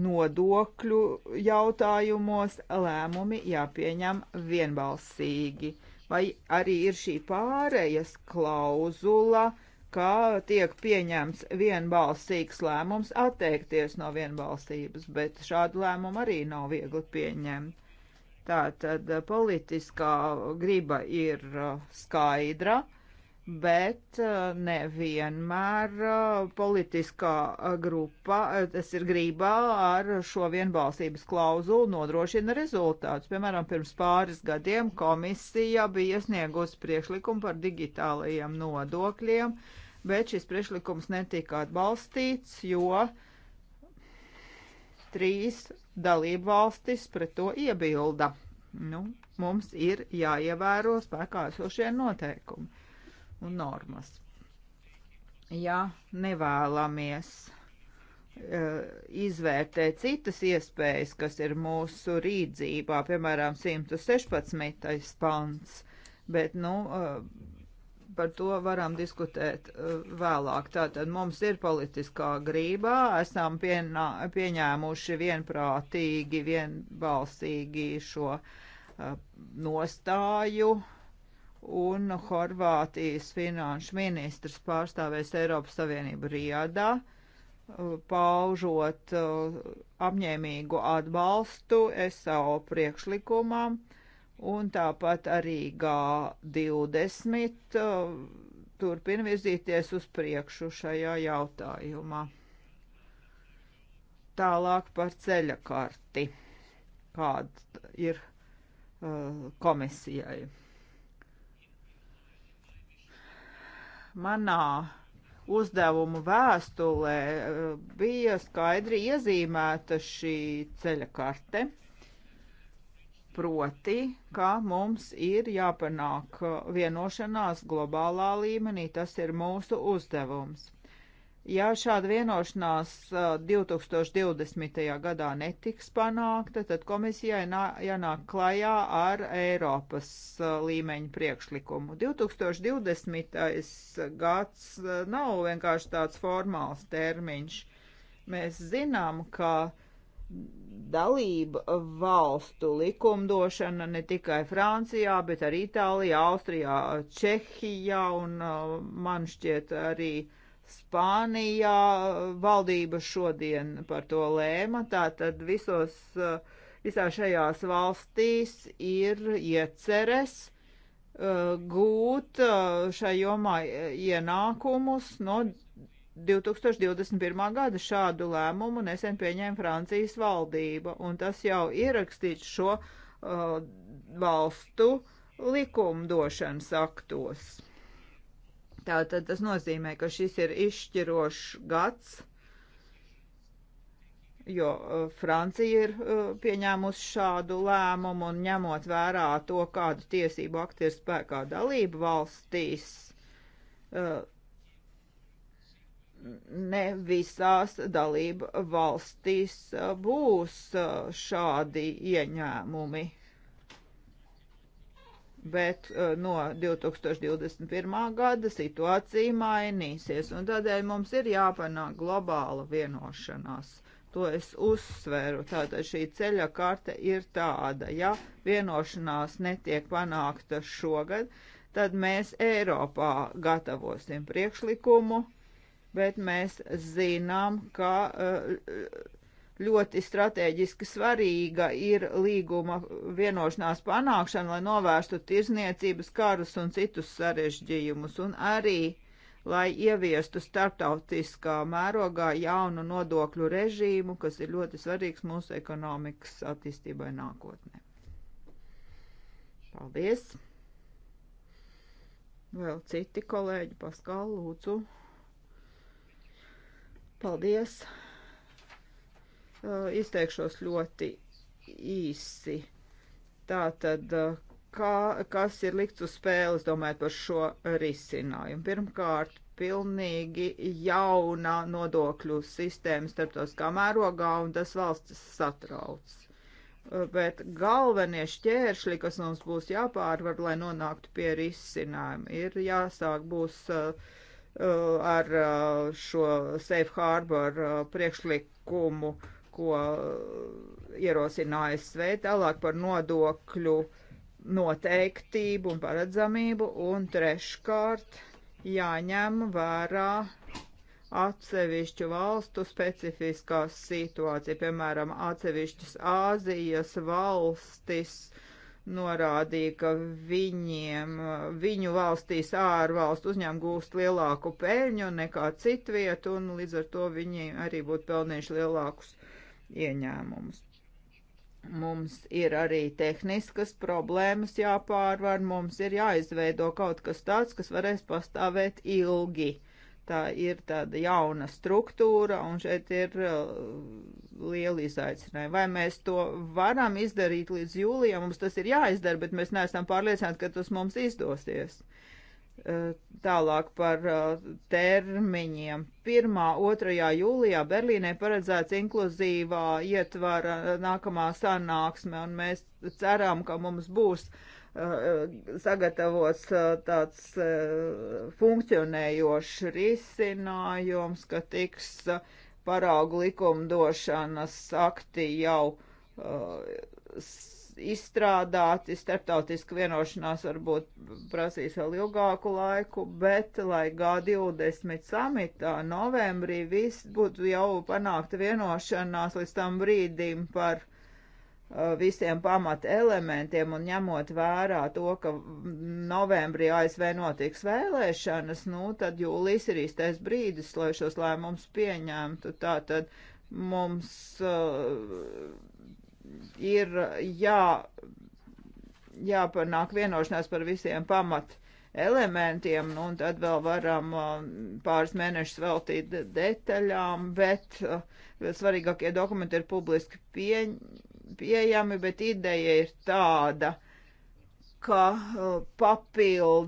nodokļu jautājumos lēmumi jāpieņem vienbalsīgi. Vai arī ir šī pārējas klauzula, kā tiek pieņemts vienbalsīgs lēmums atteikties no vienbalsības, bet šādu lēmumu arī nav viegli pieņemt. Tātad uh, politiskā griba ir uh, skaidra bet eh, nevienmēr eh, politiskā grupa, eh, tas ir grībā ar šo vienbalsības klauzulu nodrošina rezultātus. Piemēram, pirms pāris gadiem komisija bija iesniegusi priekšlikumu par digitālajiem nodokļiem, bet šis priekšlikums netika atbalstīts, jo trīs dalību valstis pret to iebilda. Nu, mums ir jāievēro spēkā esošie noteikumi un normas. Ja nevēlamies e, izvērtēt citas iespējas, kas ir mūsu rīdzībā, piemēram, 116. pants, bet, nu, e, par to varam diskutēt e, vēlāk. Tātad mums ir politiskā grībā, esam pienā, pieņēmuši vienprātīgi, vienbalsīgi šo nostāju, un Horvātijas finanšu ministrs pārstāvēs Eiropas Savienību Riedā, uh, paužot uh, apņēmīgu atbalstu SAO priekšlikumam, un tāpat arī G20 uh, turpina virzīties uz priekšu šajā jautājumā. Tālāk par ceļa karti, kāda ir uh, komisijai. manā uzdevumu vēstulē eh, bija skaidri iezīmēta šī ceļa karte. Proti, ka mums ir jāpanāk vienošanās globālā līmenī, tas ir mūsu uzdevums. Ja šāda vienošanās 2020. gadā netiks panākta, tad komisijai jānāk klajā ar Eiropas līmeņa priekšlikumu. 2020. gads nav vienkārši tāds formāls termiņš. Mēs zinām, ka dalība valstu likumdošana ne tikai Francijā, bet arī Itālijā, Austrijā, Čehijā un man šķiet arī uh, Spānijā eh, valdība šodien par to lēma, tātad visos, eh, visā šajās valstīs ir ieceres eh, gūt šai jomā ienākumus no 2021. gada šādu lēmumu nesen pieņēma Francijas valdība, un tas jau ierakstīts šo uh, valstu likumdošanas aktos. Tātad tas nozīmē, ka šis ir izšķirošs gads, jo e, Francija ir e, pieņēmusi šādu lēmumu un ņemot vērā to, kādu tiesību aktu ir spēkā dalību valstīs. E, ne visās dalību valstīs būs šādi ieņēmumi bet uh, no 2021. gada situācija mainīsies, un tādēļ mums ir jāpanāk globāla vienošanās. To es uzsveru. Tātad šī ceļa karte ir tāda. Ja vienošanās netiek panākta šogad, tad mēs Eiropā gatavosim priekšlikumu, bet mēs zinām, ka uh, ļoti strateģiski svarīga ir līguma vienošanās panākšana, lai novērstu tirzniecības karus un citus sarežģījumus, un arī, lai ieviestu starptautiskā mērogā jaunu nodokļu režīmu, kas ir ļoti svarīgs mūsu ekonomikas attīstībai nākotnē. Paldies! Vēl citi kolēģi, Paskal, lūdzu. Paldies! Eh, izteikšos ļoti īsi. Tātad, eh, kā, kas ir likts uz spēles, domājot par šo risinājumu? Pirmkārt, pilnīgi jauna nodokļu sistēma starptautiskā mērogā, un tas valsts satrauc. Eh, bet galvenie šķēršļi, kas mums būs jāpārvar, lai nonāktu pie risinājuma, ir jāsāk būs uh, ar uh, šo safe harbor uh, priekšlikumu uh, ko uh, ierosina ASV, tālāk par nodokļu noteiktību un paredzamību, un treškārt jāņem vērā atsevišķu valstu specifiskā situācija, piemēram, atsevišķas Āzijas valstis norādīja, ka viņiem, viņu valstīs ārvalstu uzņēmumu gūst lielāku peļņu nekā citvietu, un līdz ar to viņi arī būtu pelnījuši lielākus ieņēmumus. Mums ir arī tehniskas problēmas jāpārvar, mums ir jāizveido kaut kas tāds, kas varēs pastāvēt ilgi. Tā ir tāda jauna struktūra, un šeit ir uh, liela izaicinājuma. Vai mēs to varam izdarīt līdz jūlijam? Mums tas ir jāizdara, bet mēs neesam pārliecināti, ka tas mums izdosies. Tālāk par uh, termiņiem. 1. 2. jūlijā Berlīnē paredzēts inkluzīvā ietvara uh, nākamā sanāksme, un mēs ceram, ka mums būs uh, sagatavots tāds funkcionējošs risinājums, ka tiks paraugu likumdošanas akti jau izstrādāti, starptautiska vienošanās varbūt prasīs vēl ilgāku laiku, bet lai G20 samitā novembrī viss būtu jau panākta vienošanās līdz tam brīdim par uh, visiem pamata elementiem un ņemot vērā to, ka novembrī ASV notiks vēlēšanas, nu, tad jūlijas ir īstais brīdis, lai šos lēmumus pieņemtu. Tātad mums uh, ir uh, jā, jāpanāk vienošanās par visiem pamat elementiem, nu, un tad vēl varam um, pāris mēnešus veltīt detaļām, bet uh, svarīgākie dokumenti ir publiski pie, pieejami, bet ideja ir tāda, ka uh, papildu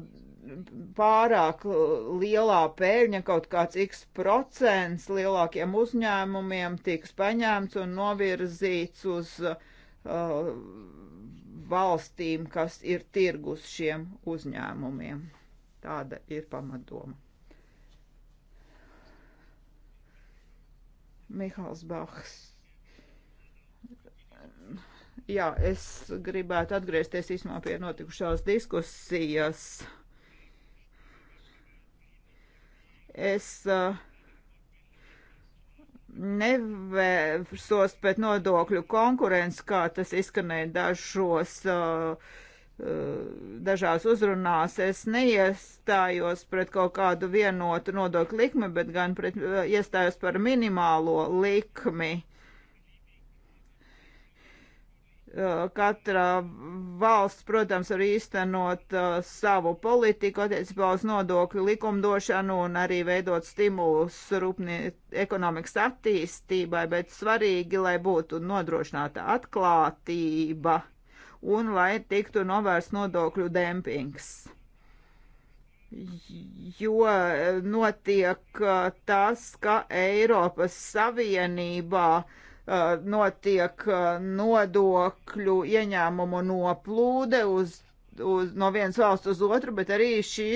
pārāk lielā pēļņa, kaut kāds x procents lielākiem uzņēmumiem tiks paņemts un novirzīts uz uh, valstīm, kas ir tirgus šiem uzņēmumiem. Tāda ir pamatdoma. Mihāls Bachs. Jā, es gribētu atgriezties īsumā pie notikušās diskusijas. Uh, Es uh, nevērsos pēc nodokļu konkurences, kā tas izskanēja dažos, uh, uh, dažās uzrunās. Es neiestājos pret kaut kādu vienotu nodokļu likmi, bet gan pret, uh, iestājos par minimālo likmi. Eh, katra valsts, protams, var īstenot uh, savu politiku attiecībā uz nodokļu likumdošanu un arī veidot stimulus rūpnie ekonomikas attīstībai, bet svarīgi, lai būtu nodrošināta atklātība un lai tiktu novērst nodokļu dempings. Jo eh, notiek tas, ka Eiropas Savienībā uh, notiek nodokļu ieņēmumu noplūde uz, uz, no vienas valsts uz otru, bet arī šī,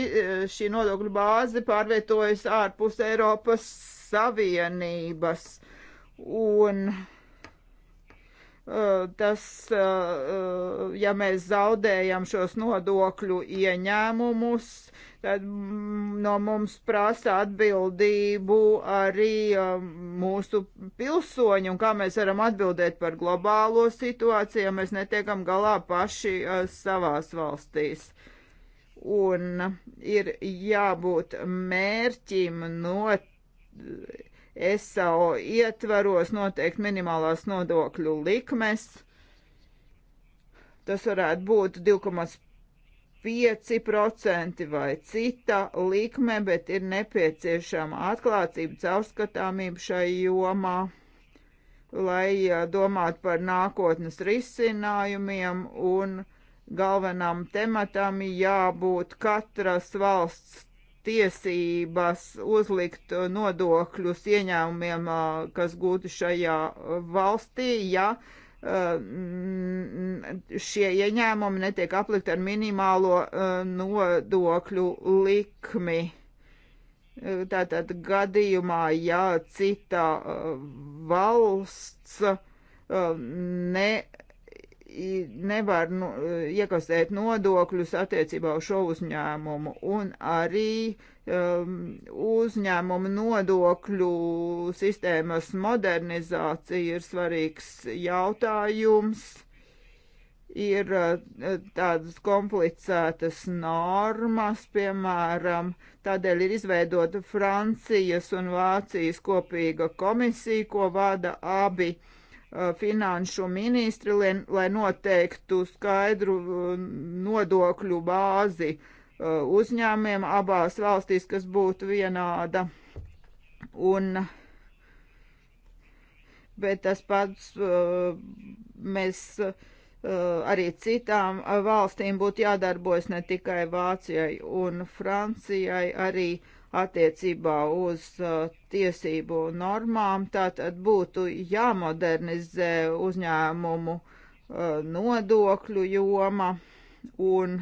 šī nodokļu bāze pārvietojas ārpus Eiropas Savienības. Un tas, ja mēs zaudējam šos nodokļu ieņēmumus, Tad mm, no mums prasa atbildību arī um, mūsu pilsoņi, un kā mēs varam atbildēt par globālo situāciju, ja mēs netiekam galā paši uh, savās valstīs un ir jābūt mērķim no SAO ietvaros noteikti minimālās nodokļu likmes. Tas varētu būt 2,5 5% vai cita likme, bet ir nepieciešama atklātība, caurskatāmība šai jomā, lai domātu par nākotnes risinājumiem un galvenam tematam jābūt katras valsts tiesības uzlikt nodokļus ieņēmumiem, kas gūti šajā valstī, ja Eh, šie ieņēmumi netiek aplikti ar minimālo eh, nodokļu likmi. Eh, tātad gadījumā, ja cita valsts ne nevar nu, iekasēt nodokļus attiecībā uz šo uzņēmumu un arī um, uzņēmumu nodokļu sistēmas modernizācija ir svarīgs jautājums. Ir uh, tādas komplicētas normas, piemēram, tādēļ ir izveidota Francijas un Vācijas kopīga komisija, ko vada abi uh, finanšu ministri, lai, lai noteiktu skaidru nodokļu bāzi uzņēmiem abās valstīs, kas būtu vienāda. Un, bet tas pats mēs arī citām valstīm būtu jādarbojas ne tikai Vācijai un Francijai arī uh, attiecībā uz uh, tiesību normām, tātad būtu jāmodernizē uzņēmumu uh, nodokļu joma un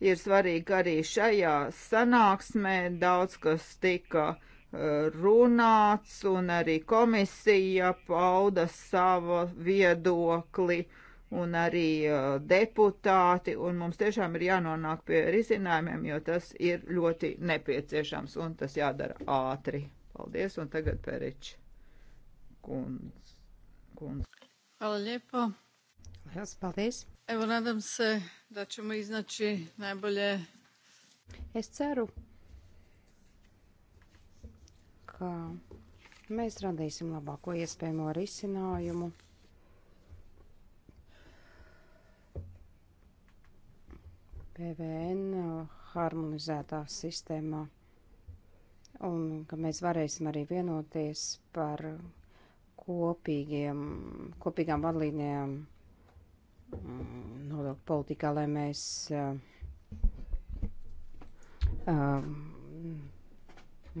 ir svarīgi arī šajā sanāksmē daudz kas tika uh, runāts un arī komisija pauda savu viedokli uh, un arī deputāti, un mums tiešām ir jānonāk pie risinājumiem, jo tas ir ļoti nepieciešams, un tas jādara ātri. Paldies, un tagad Perič kundz. kundz. Hvala lijepo. Lielas paldies. Evo, nadam se da ćemo iznaći najbolje. Es ceru, ka mēs radīsim labāko iespējamo risinājumu. PVN harmonizētā sistēmā. Un ka mēs varēsim arī vienoties par kopīgiem, kopīgām vadlīnijām mm, nodokļu politikā, lai mēs uh, uh,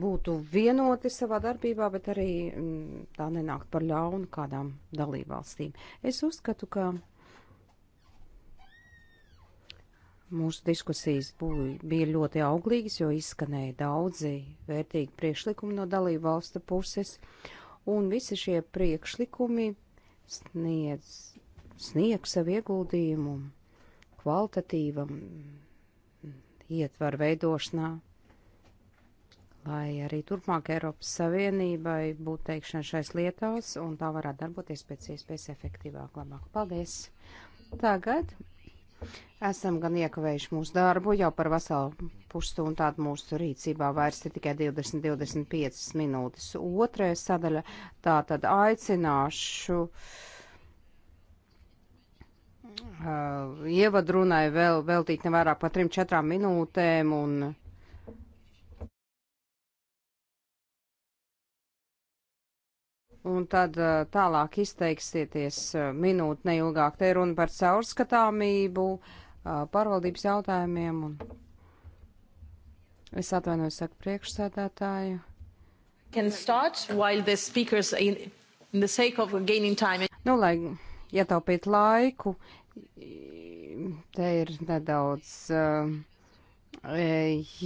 būtu vienoti savā darbībā, bet arī mm, tā nenākt par ļaunu kādām dalībvalstīm. Es uzskatu, ka Mūsu diskusijas būja, bija ļoti auglīgas, jo izskanēja daudzi vērtīgi priekšlikumi no dalību valsta puses, un visi šie priekšlikumi sniedz, sniedz savu ieguldījumu kvalitatīvam ietvaru veidošanā, lai arī turpmāk Eiropas Savienībai būtu teikšana šais lietās, un tā varētu darboties pēc iespējas efektīvāk, labāk. Paldies! Tagad Esam gan iekavējuši mūsu darbu, jau par veselu pusstundu tādu mūsu rīcībā vairs ir tikai 20-25 minūtes. Otrais sadaļa tā tad aicināšu uh, ievadrunai vēl, veltīt nevairāk par 3-4 minūtēm un Un tad tālāk izteiksieties minūte neilgāk. Te runa par caurskatāmību, pārvaldības jautājumiem. Un es atvainojos, saku priekšsēdētāju. Nu, lai ietaupītu laiku, te ir nedaudz. Uh, E,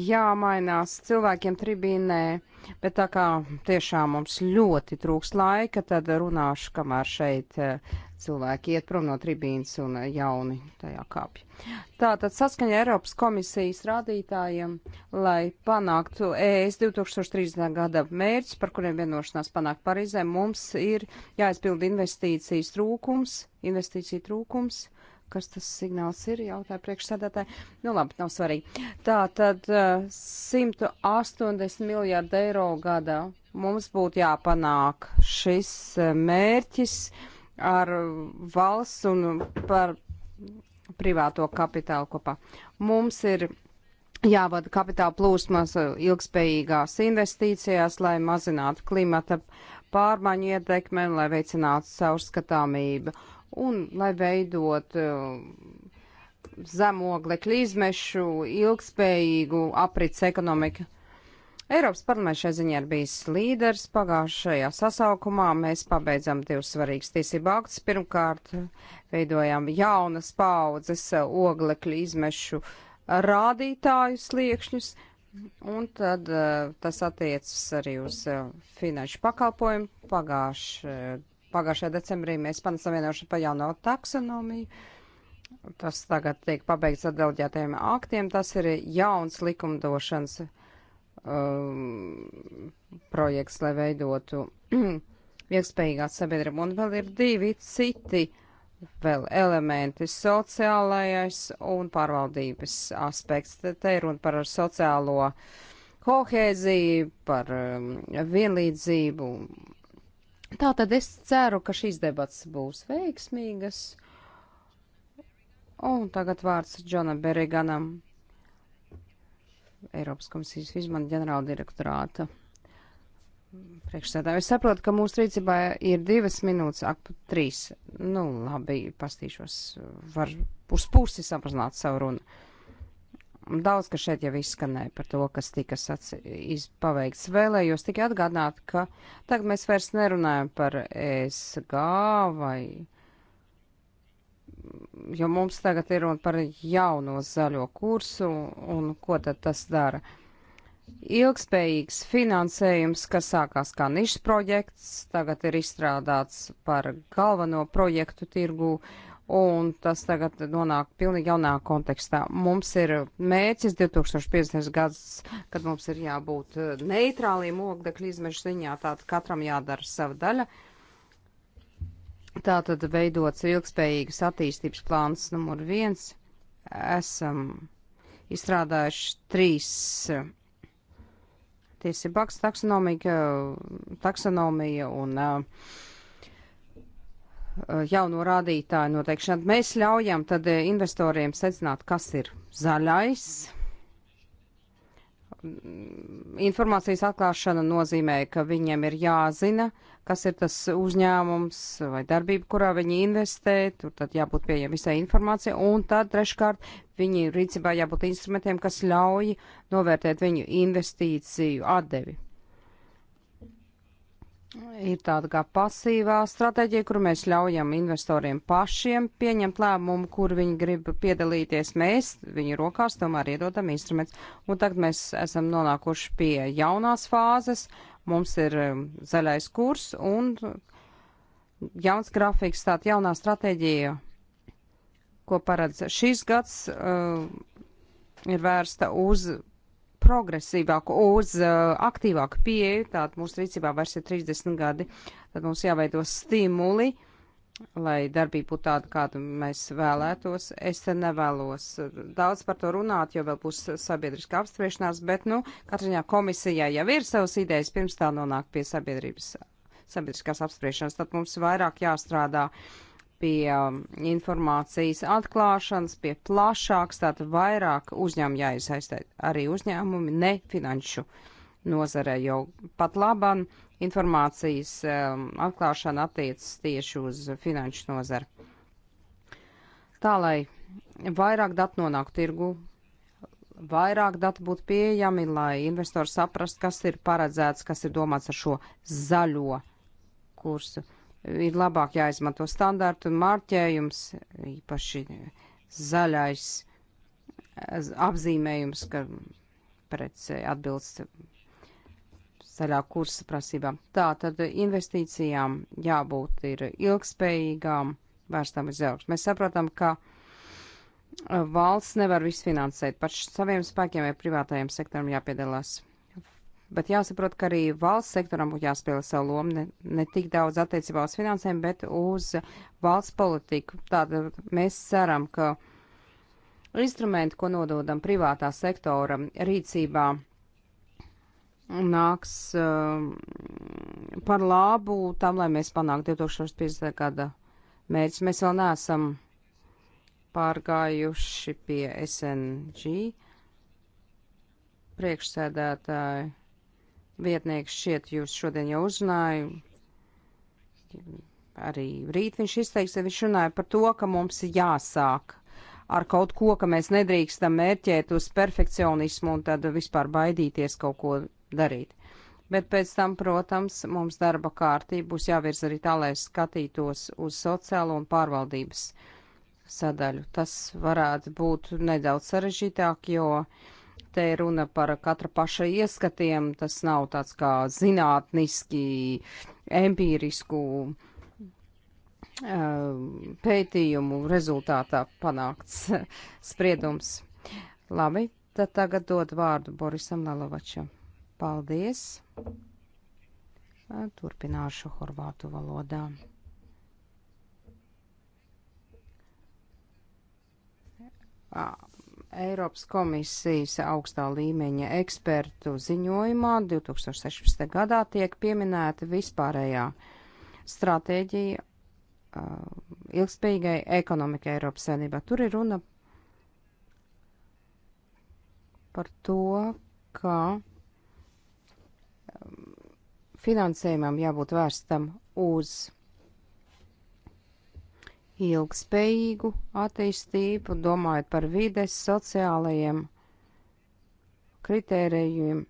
jāmainās cilvēkiem tribīnē, bet tā kā tiešām mums ļoti trūks laika, tad runāšu, kamēr šeit e, cilvēki iet prom no tribīnas un e, jauni tajā kāpj. Tātad saskaņa Eiropas komisijas rādītājiem, lai panāktu ES 2030. gada mērķis, par kuriem vienošanās panākt Parīzē, mums ir jāizpild investīcijas trūkums, investīcija trūkums kas tas signāls ir, jautāja priekšsēdētāji. Nu labi, nav svarīgi. Tā tad 180 eh, miljārdu eiro gadā mums būtu jāpanāk šis eh, mērķis ar valsts un par privāto kapitālu kopā. Mums ir jāvada kapitāla plūsmas eh, ilgspējīgās investīcijās, lai mazinātu klimata pārmaiņu ietekmi un lai veicinātu caurskatāmību. Uh, un lai veidot uh, zemoglekļu izmešu, ilgspējīgu aprits ekonomiku. Eiropas parlaments šai ziņā ir bijis līderis pagājušajā sasaukumā. Mēs pabeidzam divus svarīgus tiesību aktus. Pirmkārt, veidojam jaunas paudzes uh, oglekļu izmešu rādītāju sliekšņus, un tad uh, tas attiecas arī uz finanšu pakalpojumu. Pagājuši pagājušajā decembrī mēs panācām vienošanu par jauno taksonomiju. Tas tagad tiek pabeigts ar delģētajiem aktiem. Tas ir jauns likumdošanas um, projekts, lai veidotu iekspējīgās sabiedrību. Un vēl ir divi citi vēl elementi - sociālais un pārvaldības aspekts. Te ir runa par sociālo kohēziju, par um, vienlīdzību Tātad es ceru, ka šīs debats būs veiksmīgas. Un tagad vārds Džona Beriganam, Eiropas komisijas izmanta ģenerāldirektorāta priekšsēdāju. Es saprotu, ka mūsu rīcībā ir divas minūtes, ap trīs. Nu, labi, pastīšos, var uz pusi sapraznāt savu runu. Daudz, kas šeit jau izskanēja par to, kas tika paveikts. Vēlējos tikai atgādināt, ka tagad mēs vairs nerunājam par ESG vai jo mums tagad ir runa par jauno zaļo kursu un ko tad tas dara. Ilgspējīgs finansējums, kas sākās kā nišas projekts, tagad ir izstrādāts par galveno projektu tirgu. Uh, un tas tagad nonāk pilnīgi jaunā kontekstā. Mums ir mērķis 2050. gads, kad mums ir jābūt eh, neitrāliem ogdekļu izmešu ziņā, tātad katram jādara sava daļa. Tātad veidots ilgspējīgas attīstības plāns numur viens. Esam izstrādājuši trīs eh, tiesību akstu eh, taksonomija un uh, Eh, jauno rādītāju noteikšanu. Mēs ļaujam tad eh, investoriem secināt, kas ir zaļais. Mm, informācijas atklāšana nozīmē, ka viņiem ir jāzina, kas ir tas uzņēmums vai darbība, kurā viņi investē, tur tad jābūt pieejam visai informācija, un tad treškārt viņi rīcībā jābūt instrumentiem, kas ļauj novērtēt viņu investīciju atdevi ir tāda kā pasīvā stratēģija, kur mēs ļaujam investoriem pašiem pieņemt lēmumu, kur viņi grib piedalīties. Mēs viņu rokās tomēr iedodam instruments. Un tagad mēs esam nonākuši pie jaunās fāzes. Mums ir um, zaļais kurs un jauns grafiks, tāda jaunā stratēģija, ko paredz šis gads, uh, ir vērsta uz progresīvāku, uz uh, aktīvāku pieeju, tātad mūsu rīcībā vairs ir 30 gadi, tad mums jāveido stimuli, lai darbība būtu tāda, kādu mēs vēlētos. Es te nevēlos uh, daudz par to runāt, jo vēl būs sabiedriska apspriešanās, bet, nu, katrā komisijā jau ir savas idejas, pirms tā nonāk pie sabiedrības sabiedriskās apspriešanās, tad mums vairāk jāstrādā uh, pie um, informācijas atklāšanas, pie plašāks, tātad vairāk uzņēmumu jāiesaistē arī uzņēmumi ne finanšu nozarē, jo pat laban informācijas um, atklāšana attiecas tieši uz finanšu nozari. Tā, lai vairāk datu nonāktu tirgu, vairāk datu būtu pieejami, lai investori saprast, kas ir paredzēts, kas ir domāts ar šo zaļo kursu ir labāk jāizmanto standārtu un mārķējums, īpaši zaļais apzīmējums, ka prece atbilst zaļā kursa prasībām. Tā tad investīcijām jābūt ir ilgspējīgām, vērstām uz augstu. Mēs saprotam, ka uh, valsts nevar visu finansēt. Paši saviem spēkiem vai privātajiem sektoram jāpiedalās. Bet jāsaprot, ka arī valsts sektoram būtu jāspēlē savu lomu ne, ne tik daudz attiecībā uz finansēm, bet uz valsts politiku. Tātad mēs ceram, ka instrumenti, ko nododam privātā sektora rīcībā, nāks uh, par labu tam, lai mēs panāktu 2050. gada mērķus. Mēs vēl neesam pārgājuši pie SNG priekšsēdētāju vietnieks šķiet jūs šodien jau uzrunāju. Arī rīt viņš izteiksies, viņš runāja par to, ka mums jāsāk ar kaut ko, ka mēs nedrīkstam mērķēt uz perfekcionismu un tad vispār baidīties kaut ko darīt. Bet pēc tam, protams, mums darba kārtība būs jāvirz arī tā, lai skatītos uz sociālo un pārvaldības sadaļu. Tas varētu būt nedaudz sarežģītāk, jo uh, te ir runa par katra paša ieskatiem, tas nav tāds kā zinātniski, empīrisku eh, pētījumu rezultātā panākts spriedums. Labi, tad tagad dod vārdu Borisam Lalovačam. Paldies! Eh, turpināšu horvātu valodā. Ah, Eiropas komisijas augstā līmeņa ekspertu ziņojumā 2016. gadā tiek pieminēta vispārējā stratēģija uh, ilgspējīgai ekonomikai Eiropas saimnībā. Tur ir runa par to, ka um, finansējumam jābūt vērstam uz ilgspējīgu attīstību, domājot par vides, sociālajiem kritērijiem.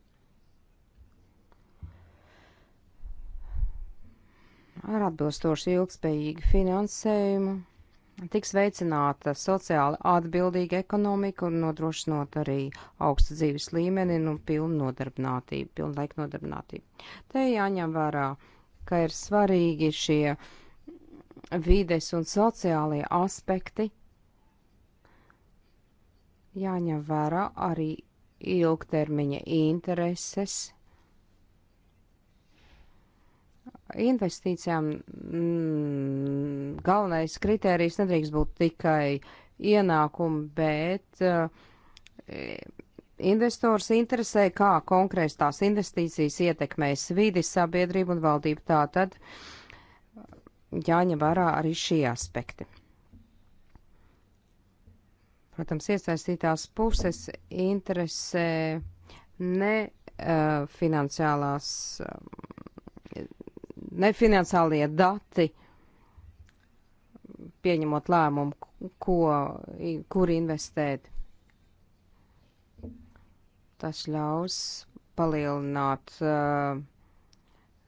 Ar atbilstošu ilgspējīgu finansējumu tiks veicināta sociāli atbildīga ekonomika un nodrošinot arī augstu dzīves līmeni un nu, pilnu nodarbinātību, pilnlaika nodarbinātību. Te jāņem vērā, ka ir svarīgi šie uh, vides un sociālie aspekti. Jāņem vērā arī ilgtermiņa intereses. Investīcijām mm, galvenais kritērijs nedrīkst būt tikai ienākumi, bet uh, investors interesē, kā konkrēts tās investīcijas ietekmēs vidi, sabiedrību un valdību. Tātad uh, jāņem vērā arī šie aspekti. Protams, iesaistītās puses interesē ne uh, finansiālās, uh, ne finansiālie dati, pieņemot lēmumu, ko, kur investēt. Tas ļaus palielināt uh,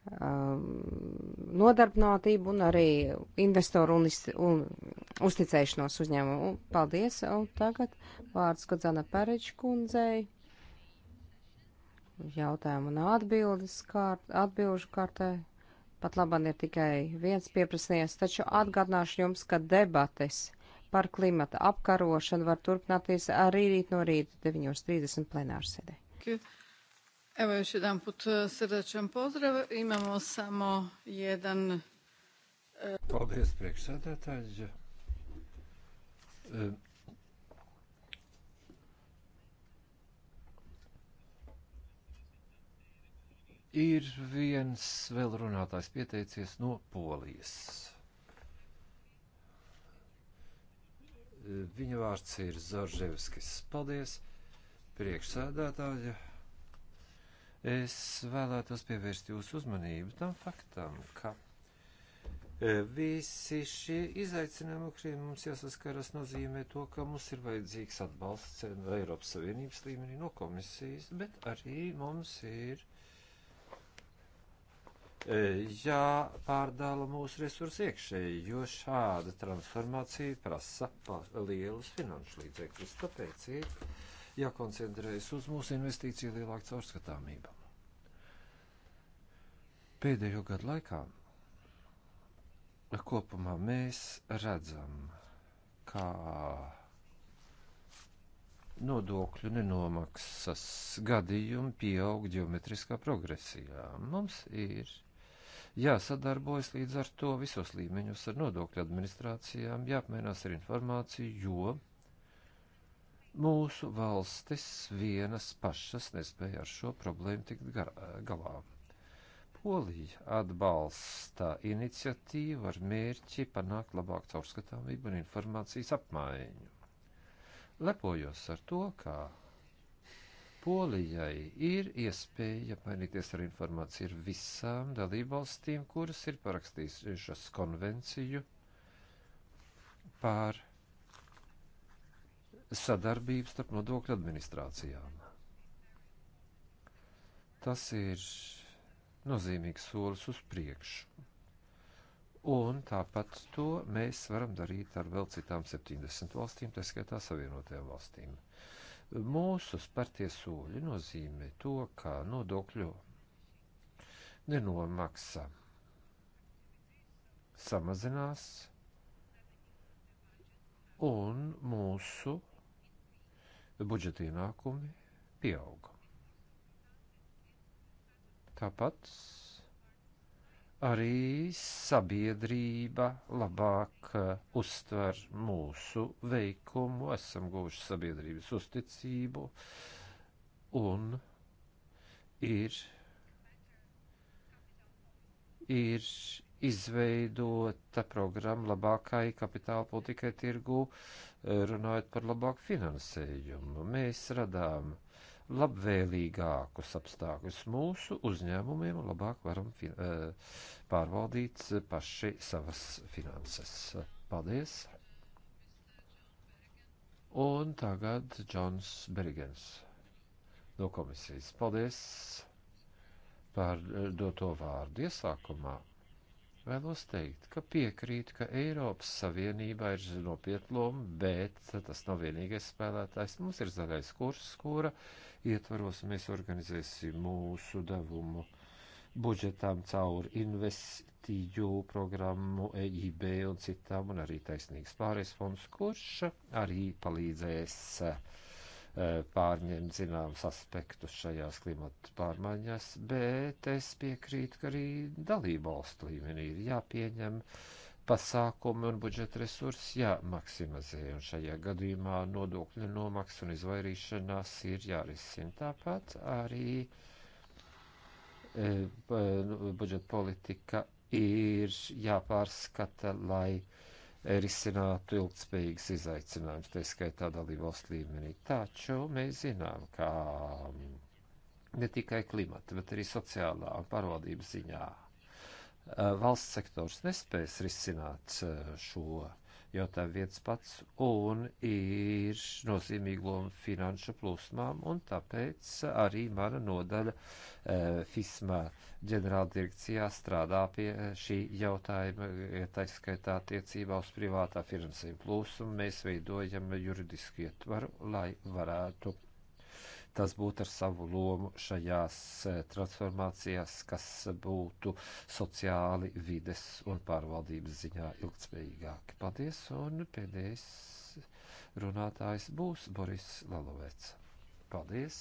Um, nodarbinātību un arī investoru un, un uzticēšanos uzņēmumu. Paldies, un tagad vārds Kodzana Perič kundzei. Jautājumu un atbildes kārt, atbilžu kārtē. Pat labam ir tikai viens pieprasījies, taču atgādināšu jums, ka debates par klimata apkarošanu var turpināties arī rīt no rīta 9.30 plenārsēdē. Okay. Evo još jedanput e, srdačan pozdrav. Imamo samo jedan. E, Paldies, priekšsēdētājs. E, ir viens vēl runātājs pieteicies no Polijas. Viņa vārds ir Zorževskis. Paldies, priekšsēdētāja. Es vēlētos pievērst jūsu uzmanību tam faktam, ka e, visi šie izaicinājumi, ar kuriem mums jāsaskaras, nozīmē to, ka mums ir vajadzīgs atbalsts no Eiropas Savienības līmenī, no komisijas, bet arī mums ir e, jāpārdala mūsu resursi iekšēji, jo šāda transformācija prasa lielus finanšu līdzekļus. Tāpēc ir jākoncentrējas uz mūsu investīciju lielāku caurskatāmību. Pēdējo gadu laikā kopumā mēs redzam, kā nodokļu nenomaksas gadījumi pieaug ģeometriskā progresijā. Mums ir jāsadarbojas līdz ar to visos līmeņos ar nodokļu administrācijām, jāapmainās ar informāciju, jo mūsu valstis vienas pašas nespēja ar šo problēmu tikt galā. Polija atbalsta iniciatīvu ar mērķi panākt labāku caurskatāmību un informācijas apmaiņu. Lepojos ar to, ka Polijai ir iespēja mainīties ar informāciju ar visām dalībvalstīm, kuras ir parakstījušas konvenciju par sadarbību starp nodokļu administrācijām. Tas ir nozīmīgs solis uz priekšu. Un tāpat to mēs varam darīt ar vēl citām 70 valstīm, tā skaitā savienotajām valstīm. Mūsu spērtie soļi nozīmē to, ka nodokļu nenomaksa samazinās un mūsu budžeta ienākumi pieauga. Tāpat arī sabiedrība labāk eh, uztver mūsu veikumu, esam guvuši sabiedrības uzticību un ir, ir izveidota programma labākai kapitāla politikai tirgu, runājot par labāku finansējumu. Mēs radām labvēlīgākus apstākļus mūsu uzņēmumiem un labāk varam eh, pārvaldīt paši savas finanses. Paldies! Un tagad Džons Berigens no komisijas. Paldies par eh, doto vārdu iesākumā. Vēlos teikt, ka piekrītu, ka Eiropas Savienībā ir nopietna loma, bet tas nav vienīgais spēlētājs. Mums ir zaļais kurs, kura ietvaros mēs organizēsim mūsu devumu budžetām caur investīju programmu EIB un citām, un arī taisnīgs pārējais fonds, kurš arī palīdzēs uh, Eh, pārņemt zināmas aspektus šajās klimata pārmaiņās, bet es piekrītu, ka arī dalībvalstu līmenī ir jāpieņem pasākumi un budžeta resursi jāmaksimizē, un šajā gadījumā nodokļu nomaks un izvairīšanās ir jārisina tāpat arī eh, nu, budžeta politika ir jāpārskata, lai uh, risinātu ilgtspējīgas izaicinājumus, tā skaitā dalībvalstu līmenī. Taču mēs zinām, ka ne tikai klimata, bet arī sociālā un pārvaldības ziņā eh, valsts sektors nespēs risināt eh, šo jautājuma viens pats, un ir nozīmīga loma finanšu plūsmām, un tāpēc arī mana nodaļa e, FISMA ģenerāldirekcijā strādā pie šī jautājuma, taiskaitā attiecībā uz privātā finansējuma plūsmu. Mēs veidojam juridisku ietvaru, lai varētu tas būtu ar savu lomu šajās e, transformācijās, kas būtu sociāli vides un pārvaldības ziņā ilgtspējīgāki. Paldies, un pēdējais runātājs būs Boris Lalovets. Paldies!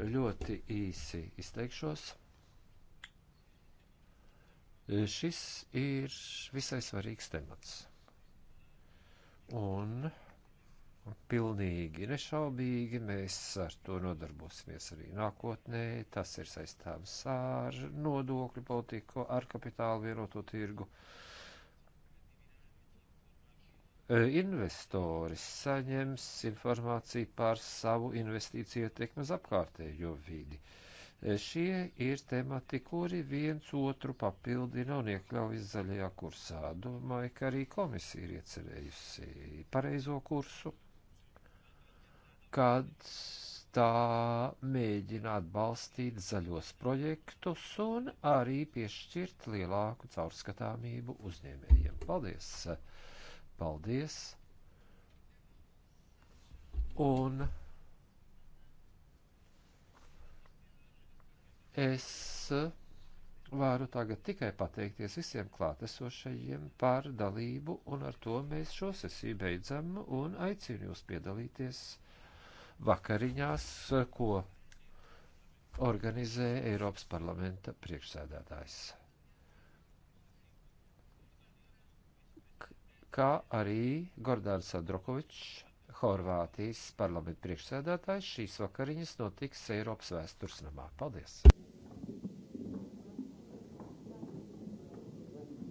Ļoti īsi izteikšos. E, šis ir visai svarīgs temats. Un pilnīgi nešaubīgi. Mēs ar to nodarbosimies arī nākotnē. Tas ir saistāms ar nodokļu politiku, ar kapitālu vienoto tirgu. Investori saņems informāciju par savu investīciju ietekmi uz apkārtējo vidi. Šie ir temati, kuri viens otru papildina un iekļaujas zaļajā kursā. Domāju, ka arī komisija ir iecerējusi pareizo kursu kad tā mēģina atbalstīt zaļos projektus un arī piešķirt lielāku caurskatāmību uzņēmējiem. Paldies! Paldies! Un es varu tagad tikai pateikties visiem klātesošajiem par dalību, un ar to mēs šo sesiju beidzam un aicinu jūs piedalīties vakariņās, ko organizē Eiropas parlamenta priekšsēdētājs. Kā arī Gordāns Androkovičs, Horvātijas parlamenta priekšsēdētājs, šīs vakariņas notiks Eiropas vēstures namā. Paldies!